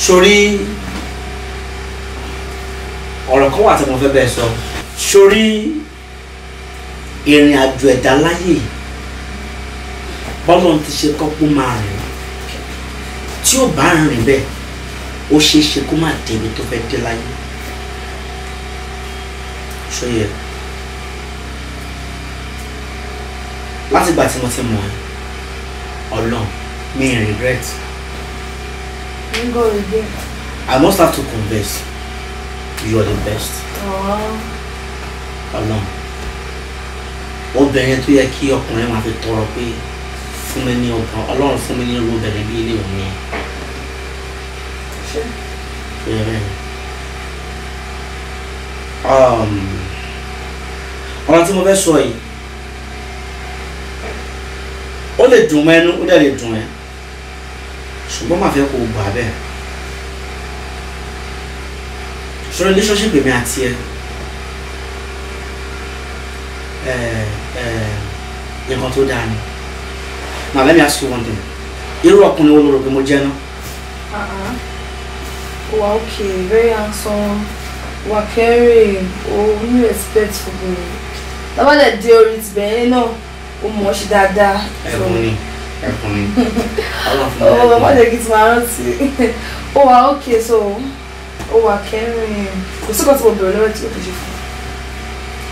sórí ọ̀rọ̀ kan wà tí mo fẹ́ bẹ́ẹ̀ sọ sórí ìrìn àjò ẹ̀dá láyè bọ́lọ̀ ti ṣe kọ́kú máa rìn tí ó bá rìn bẹ́ẹ̀ ó ṣeé ṣe kó má dé ibi tó fẹ́ dé láyé ṣóyẹ látìgbà tí mo ti mọ̀ ẹ́ ọlọ́run mi ì regret. n go regret. I must have to confess you are the best. ọlọ́run obìnrin tó yẹ kí ọkùnrin máa fi tọrọ pé fún mi ní ọkàn ọlọ́run fún mi ní olóbìnrin bí ilé òun yẹn question for your name. ọ̀rọ̀ tí mo fẹ́ sọ yìí ó lè dùn mọ́ ẹnu ó dẹ̀ lè dùn ẹ́ ṣùgbọ́n màá fẹ́ kó o gbà bẹ́ẹ̀ ṣọ relationship èmi àti ẹ nǹkan tó dáa ni now let me ask you one thing irú ọkùnrin wo ló rò pé mo jẹ́ náà. Uh-huh wà òkè very handsome wà kẹrin o ní respect fún mi tábàdà dé orí tìbẹ̀ yẹn náà o mọ̀ ọ́ ṣe dáadáa. ẹkùn ni ẹkùn ni ọlọ́fun ẹkùn. ọwọ́ ọmọdé kì í ti máa rántí o wà òkè so o wà kẹrin kò sí kòtò òbẹ̀rẹ̀ lọ́wọ́ tí o kò ṣe fún.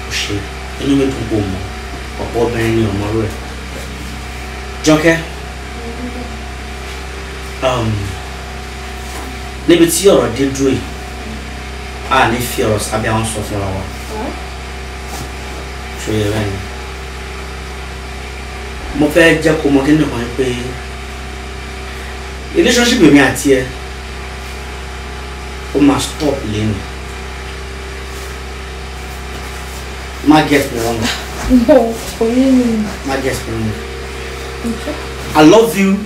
o ṣe inú mi dùn kó mọ ọ̀pọ̀ obìnrin ni ọmọ rẹ̀ jọkẹ́. Mm-hmm. Um, níbi tí ọ̀rọ̀ dé dúró yìí a ní fi ọ̀rọ̀ sábẹ́ àwọn sọ fúnra wa ṣe yẹ bẹ́ẹ̀ ni mo fẹ́ jẹ́ kó mọ kíndìn kan pé relationship mi àti ẹ ó máa stop lẹ́nu má get me wrong má get me wrong I love you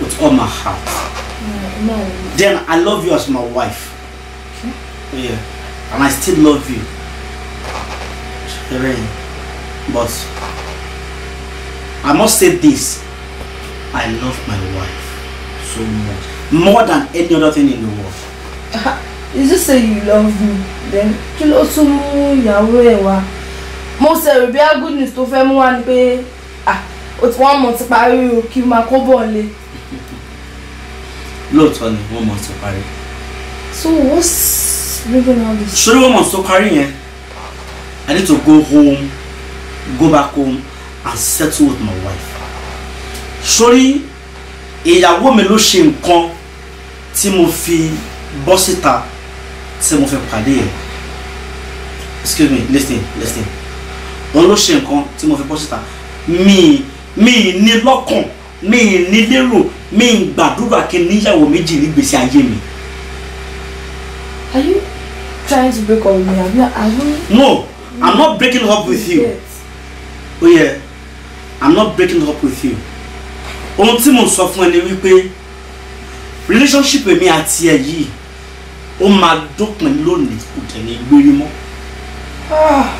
with all my heart. No, Then I love you as my wife. Okay. Yeah. And I still love you. But I must say this. I love my wife so much. More than any other thing in the world. You just say you love me. Then kí ló tún mú ìyàwó ẹ̀ wá? Mo ṣẹ̀rù bí a good news tó fẹ́ mú wá ni pé ah, wọ́n mọ̀ ti parí o kí n máa kó bọ̀ lé lóòótọ́ ni wọ́n mọ̀ tó parí. so what's bringing all this. ṣé wọ́n mọ̀ tó parí yẹn i need to go home go back home and settle with my wife. sórí ìyàwó mi ló ṣe nǹkan tí mo fi bọ́ síta tí mo fi pàdé ẹ̀ excuse me listen listen òun ló ṣe nǹkan tí mo fi bọ́ síta mi mi ní lọ́kàn mi ì nílérò mi ì gbàdúrà kí níyàwó méjì ní gbèsè ayé mi. are you trying to break up with me have you have you. no i'm not breaking up with you oye oh, yeah. i'm not breaking up with you ohun tí mo sọ fún ẹ ni wípé relationship èmi àti ẹ yìí ó máa dópin lónìí kò tẹ̀ ní gbérí mọ́. Ah,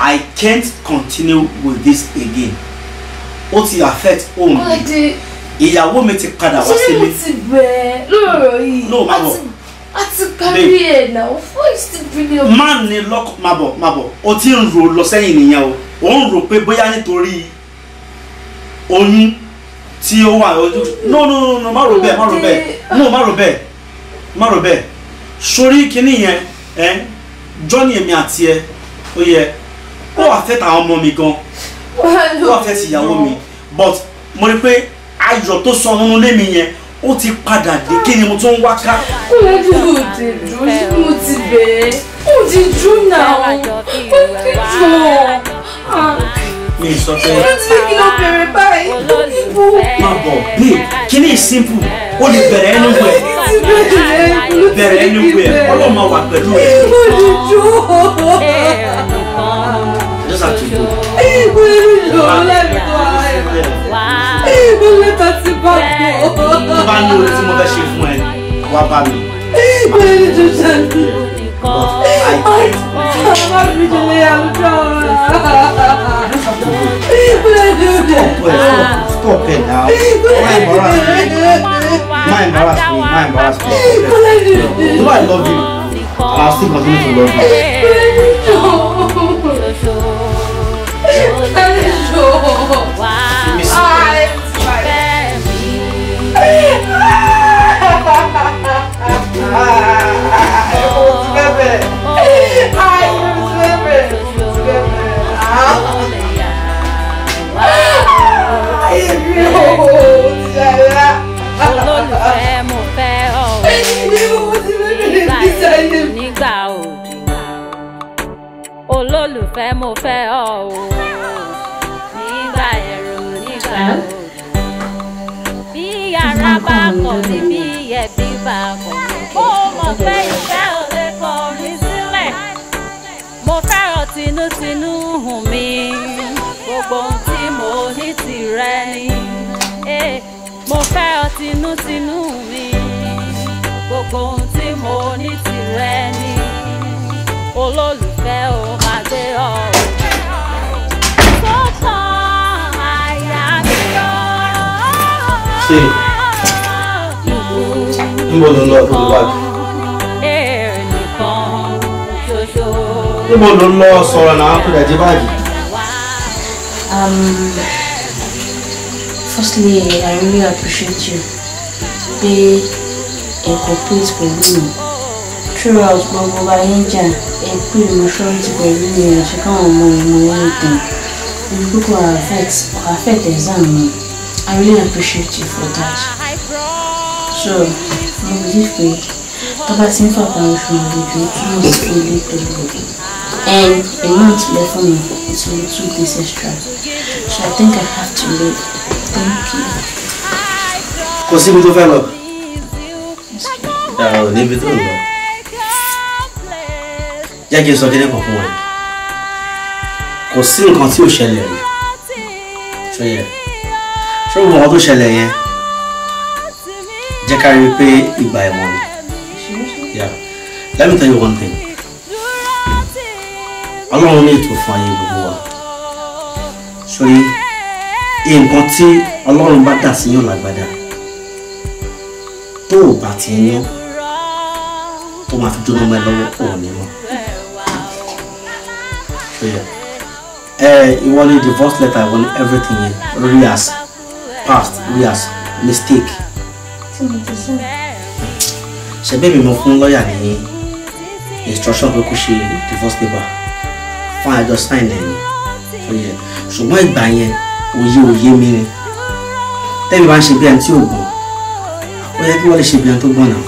I can't continue with this again ó ti affect òun mi ìyàwó mi ti padà wá sí mi. ṣé mo ti bẹ̀ẹ́ lóòrò yìí a ti parí ẹ̀ náà fún ìsìnkú ni. má ní lọ́kọ̀ má bọ̀ má bọ̀ o ti ń ro lọ sẹ́yìn nìyẹn o ò ń rò pé bóyá nítorí oyún tí ó wà ojú no no no má rò bẹ́ẹ̀ má rò bẹ́ẹ̀ no má rò bẹ́ẹ̀ má rò bẹ́ẹ̀ sórí kinní yẹn ẹ jọ́ni èmi àti ẹ ó yẹ ó wà fẹ́ ọmọ mi gan wọ́n affect ìyàwó mi but mo rí pé ayọ̀ tó sọ nínú ilé mi yẹn ó ti padà dé kí ni mo tún ń wá ká. kò lè dúró òde dúró ṣé mo ti bẹ̀ẹ́ ó ti dúró náà ó ti dúró. mi sọ pé. ó ti kí ló bẹ̀rẹ̀ báyìí ó ti bú. má bọ̀ babe kíní ìsìnkú ó lè bẹ̀rẹ̀ ẹnu wẹ̀. bẹ̀rẹ̀ ẹnu wẹ̀ ọlọ́mọ wà pẹ̀lú ẹ̀. ó ti dúró letter to go. Igwe lo lẹ́nu tó ara ẹ̀ máa ṣe. Igwe lẹ́tà ti bá kú. Mo bá ní orí tí mo fẹ́ ṣe fún ẹ, wá bá mi. Igwe ni tó ṣe ń bí. Ọmọ mi ti lè àwùjọ ọ̀rọ̀. Igwe ni ó dé. Stop it now. Why embarrass me? Why embarrass me? Why embarrass me? Igwe ni ó dé. Do I love you? I'll still continue to love you. olólùfẹ́ mo fẹ́ ọ nígbà yìí nígbà òdì olólùfẹ́ mo fẹ́ ọ nígbà ẹ̀rù nígbà òdì bí yàrá bá kọ̀ sí bí ẹbí bá kọ̀ sí mo fẹ́ ìfẹ́ òde kọ mi sílẹ̀ mo fẹ́ràn tinútinú hùn mi gbogbo ohun tí mo ní tìrẹ ni mo fẹ́ràn mi gbogbo ohun tí mo ní tìrẹ ni olólùfẹ́ o máa gbé ọ̀rọ̀. tó tán àyà mi yọ. ṣé níbo níbo ló ń lọ sọ̀rọ̀ náà kó dẹ̀ jẹ́ báàgì. Um, firstly i really appreciate you pé ẹ cooperate pẹ̀lú mi throughout gbogbo ayéjà ẹ pè mí ṣọ́ọ̀tì pẹ̀lú mi àti káwọn ọmọ ìmọ̀ anything gbogbo affect affect exam mi i really appreciate you for that so mo believe pé tọ́ba ti ń fàkàrọ̀ ṣùgbọ́n ojú túmọ̀ sí ilé pẹ̀lú òbí and a month to left for me is only two extra so I think I have to leave thank you. kò síbi tó fẹ́ lọ. ẹ ò níbi tó ń lọ. jẹ́ kí n sọ kíní kan fún wọn kò sí nǹkan tí ò yeah. rí ṣó yẹ ṣó gbogbo àwọn tó ṣẹlẹ̀ yẹn jẹ́ ká rí i Yeah. Let me tell you one thing ọlọ́run ní ètò fún ayé gbogbo wa sórí nǹkan tí ọlọ́run bá dà síyàn lágbádá tó o bá ti yán ó máa fi jóná mọ́ ẹ lọ́wọ́ òun ni mọ́ ìwọ ni divorce letter ìwọ ni everything yẹn rí as past rí as mistake ṣe bẹ́ẹ̀ mi mọ fún lọ́ọ̀yà ní instruction pé kó ṣe divorce paper fún àjọ sign ẹ̀ ni ṣùgbọ́n ìgbà yẹn òye òye mi ni tẹ́bi bá ń ṣe bí ẹni tí ò gbọ́n ó yẹ kí wọ́n lè ṣe bí ẹni tó gbọ́n náà.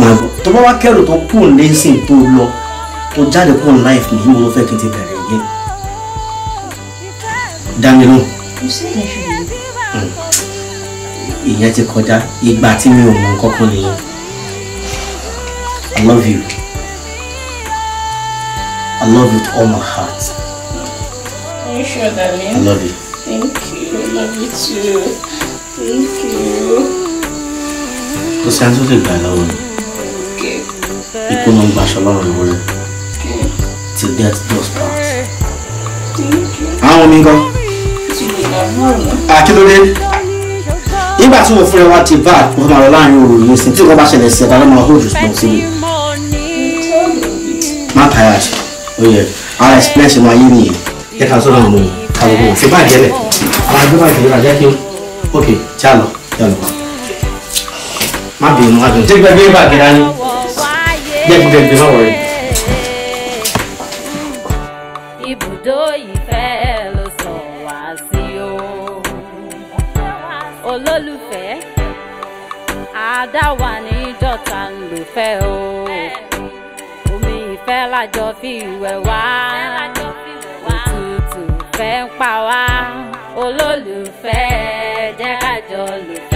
màgbọ́ tó bá wá kẹ́rù tó kù lẹ́sìn tó lọ tó jáde kù life mi mo ló kí n ti bẹ̀rẹ̀ yẹn dá mi hmm. ìyẹn ti kọjá ìgbà tí mi ò mọ nǹkan kan nìyẹn I love you. I love you with all my heart. Are you sure, darling? I love you. Thank you. I love you too. Thank you. Kò I'm so òtún ìgbà lọ́wọ́ ni. Ikú ló ń gba aṣọ lọ́rùn lórí. Till death do us part. Àwọn omi gan. Akíndóde. Nígbà tí mo fúnra wa ti If àkókò máa lọ láàrin òru yìí sí tí nǹkan bá ṣẹlẹ̀ sí ẹ̀dá ló máa hold responsible. Má ó yẹ ara express wọn ayé nìyẹn jẹ́ ká sọ́dọ̀ ọ̀nà kàlọ́ kò fi báyìí jẹ́lẹ̀ àwọn àgbẹ̀ báyìí jẹ́lẹ̀ àjẹ́ kí ok tí a lọ tí olólùfẹ́ àdáwà ní dọ́ta ń lò fẹ́ o ìfẹ́ lájọ fi ìwẹ̀ wá òtútù fẹ́ ń pa wá olólùfẹ́ jẹ́ kájọ lùfẹ́.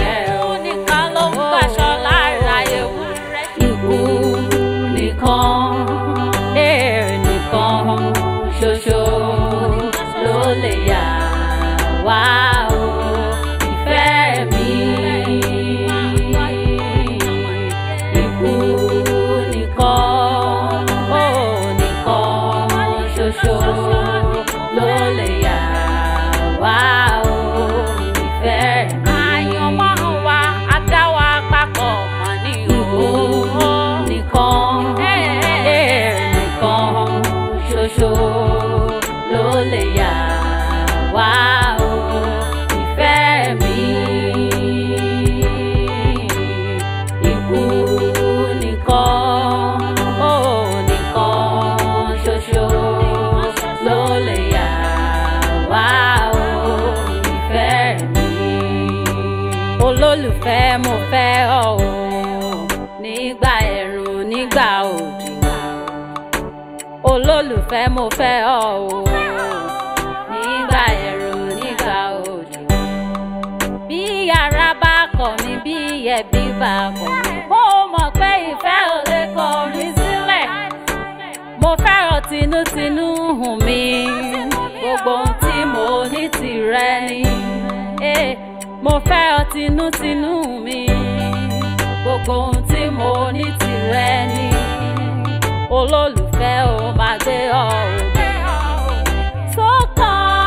fẹ́ mo fẹ́ ọ o nígbà ẹ̀rùn nígbà òjò bí yàrá bá kọ̀ mí bí ẹ̀bí bá kọ̀ mí mo mọ̀ pé ìfẹ́ ò lè kọ̀ mí sílẹ̀ mo fẹ́ràn tinútinú hùn mi gbogbo ohun tí mo ní tìrẹ ni mo fẹ́ràn tinútinú mi gbogbo ohun tí mo ní tìrẹ ni olólùfẹ́ ò máa gbé ọ òde. sókàn.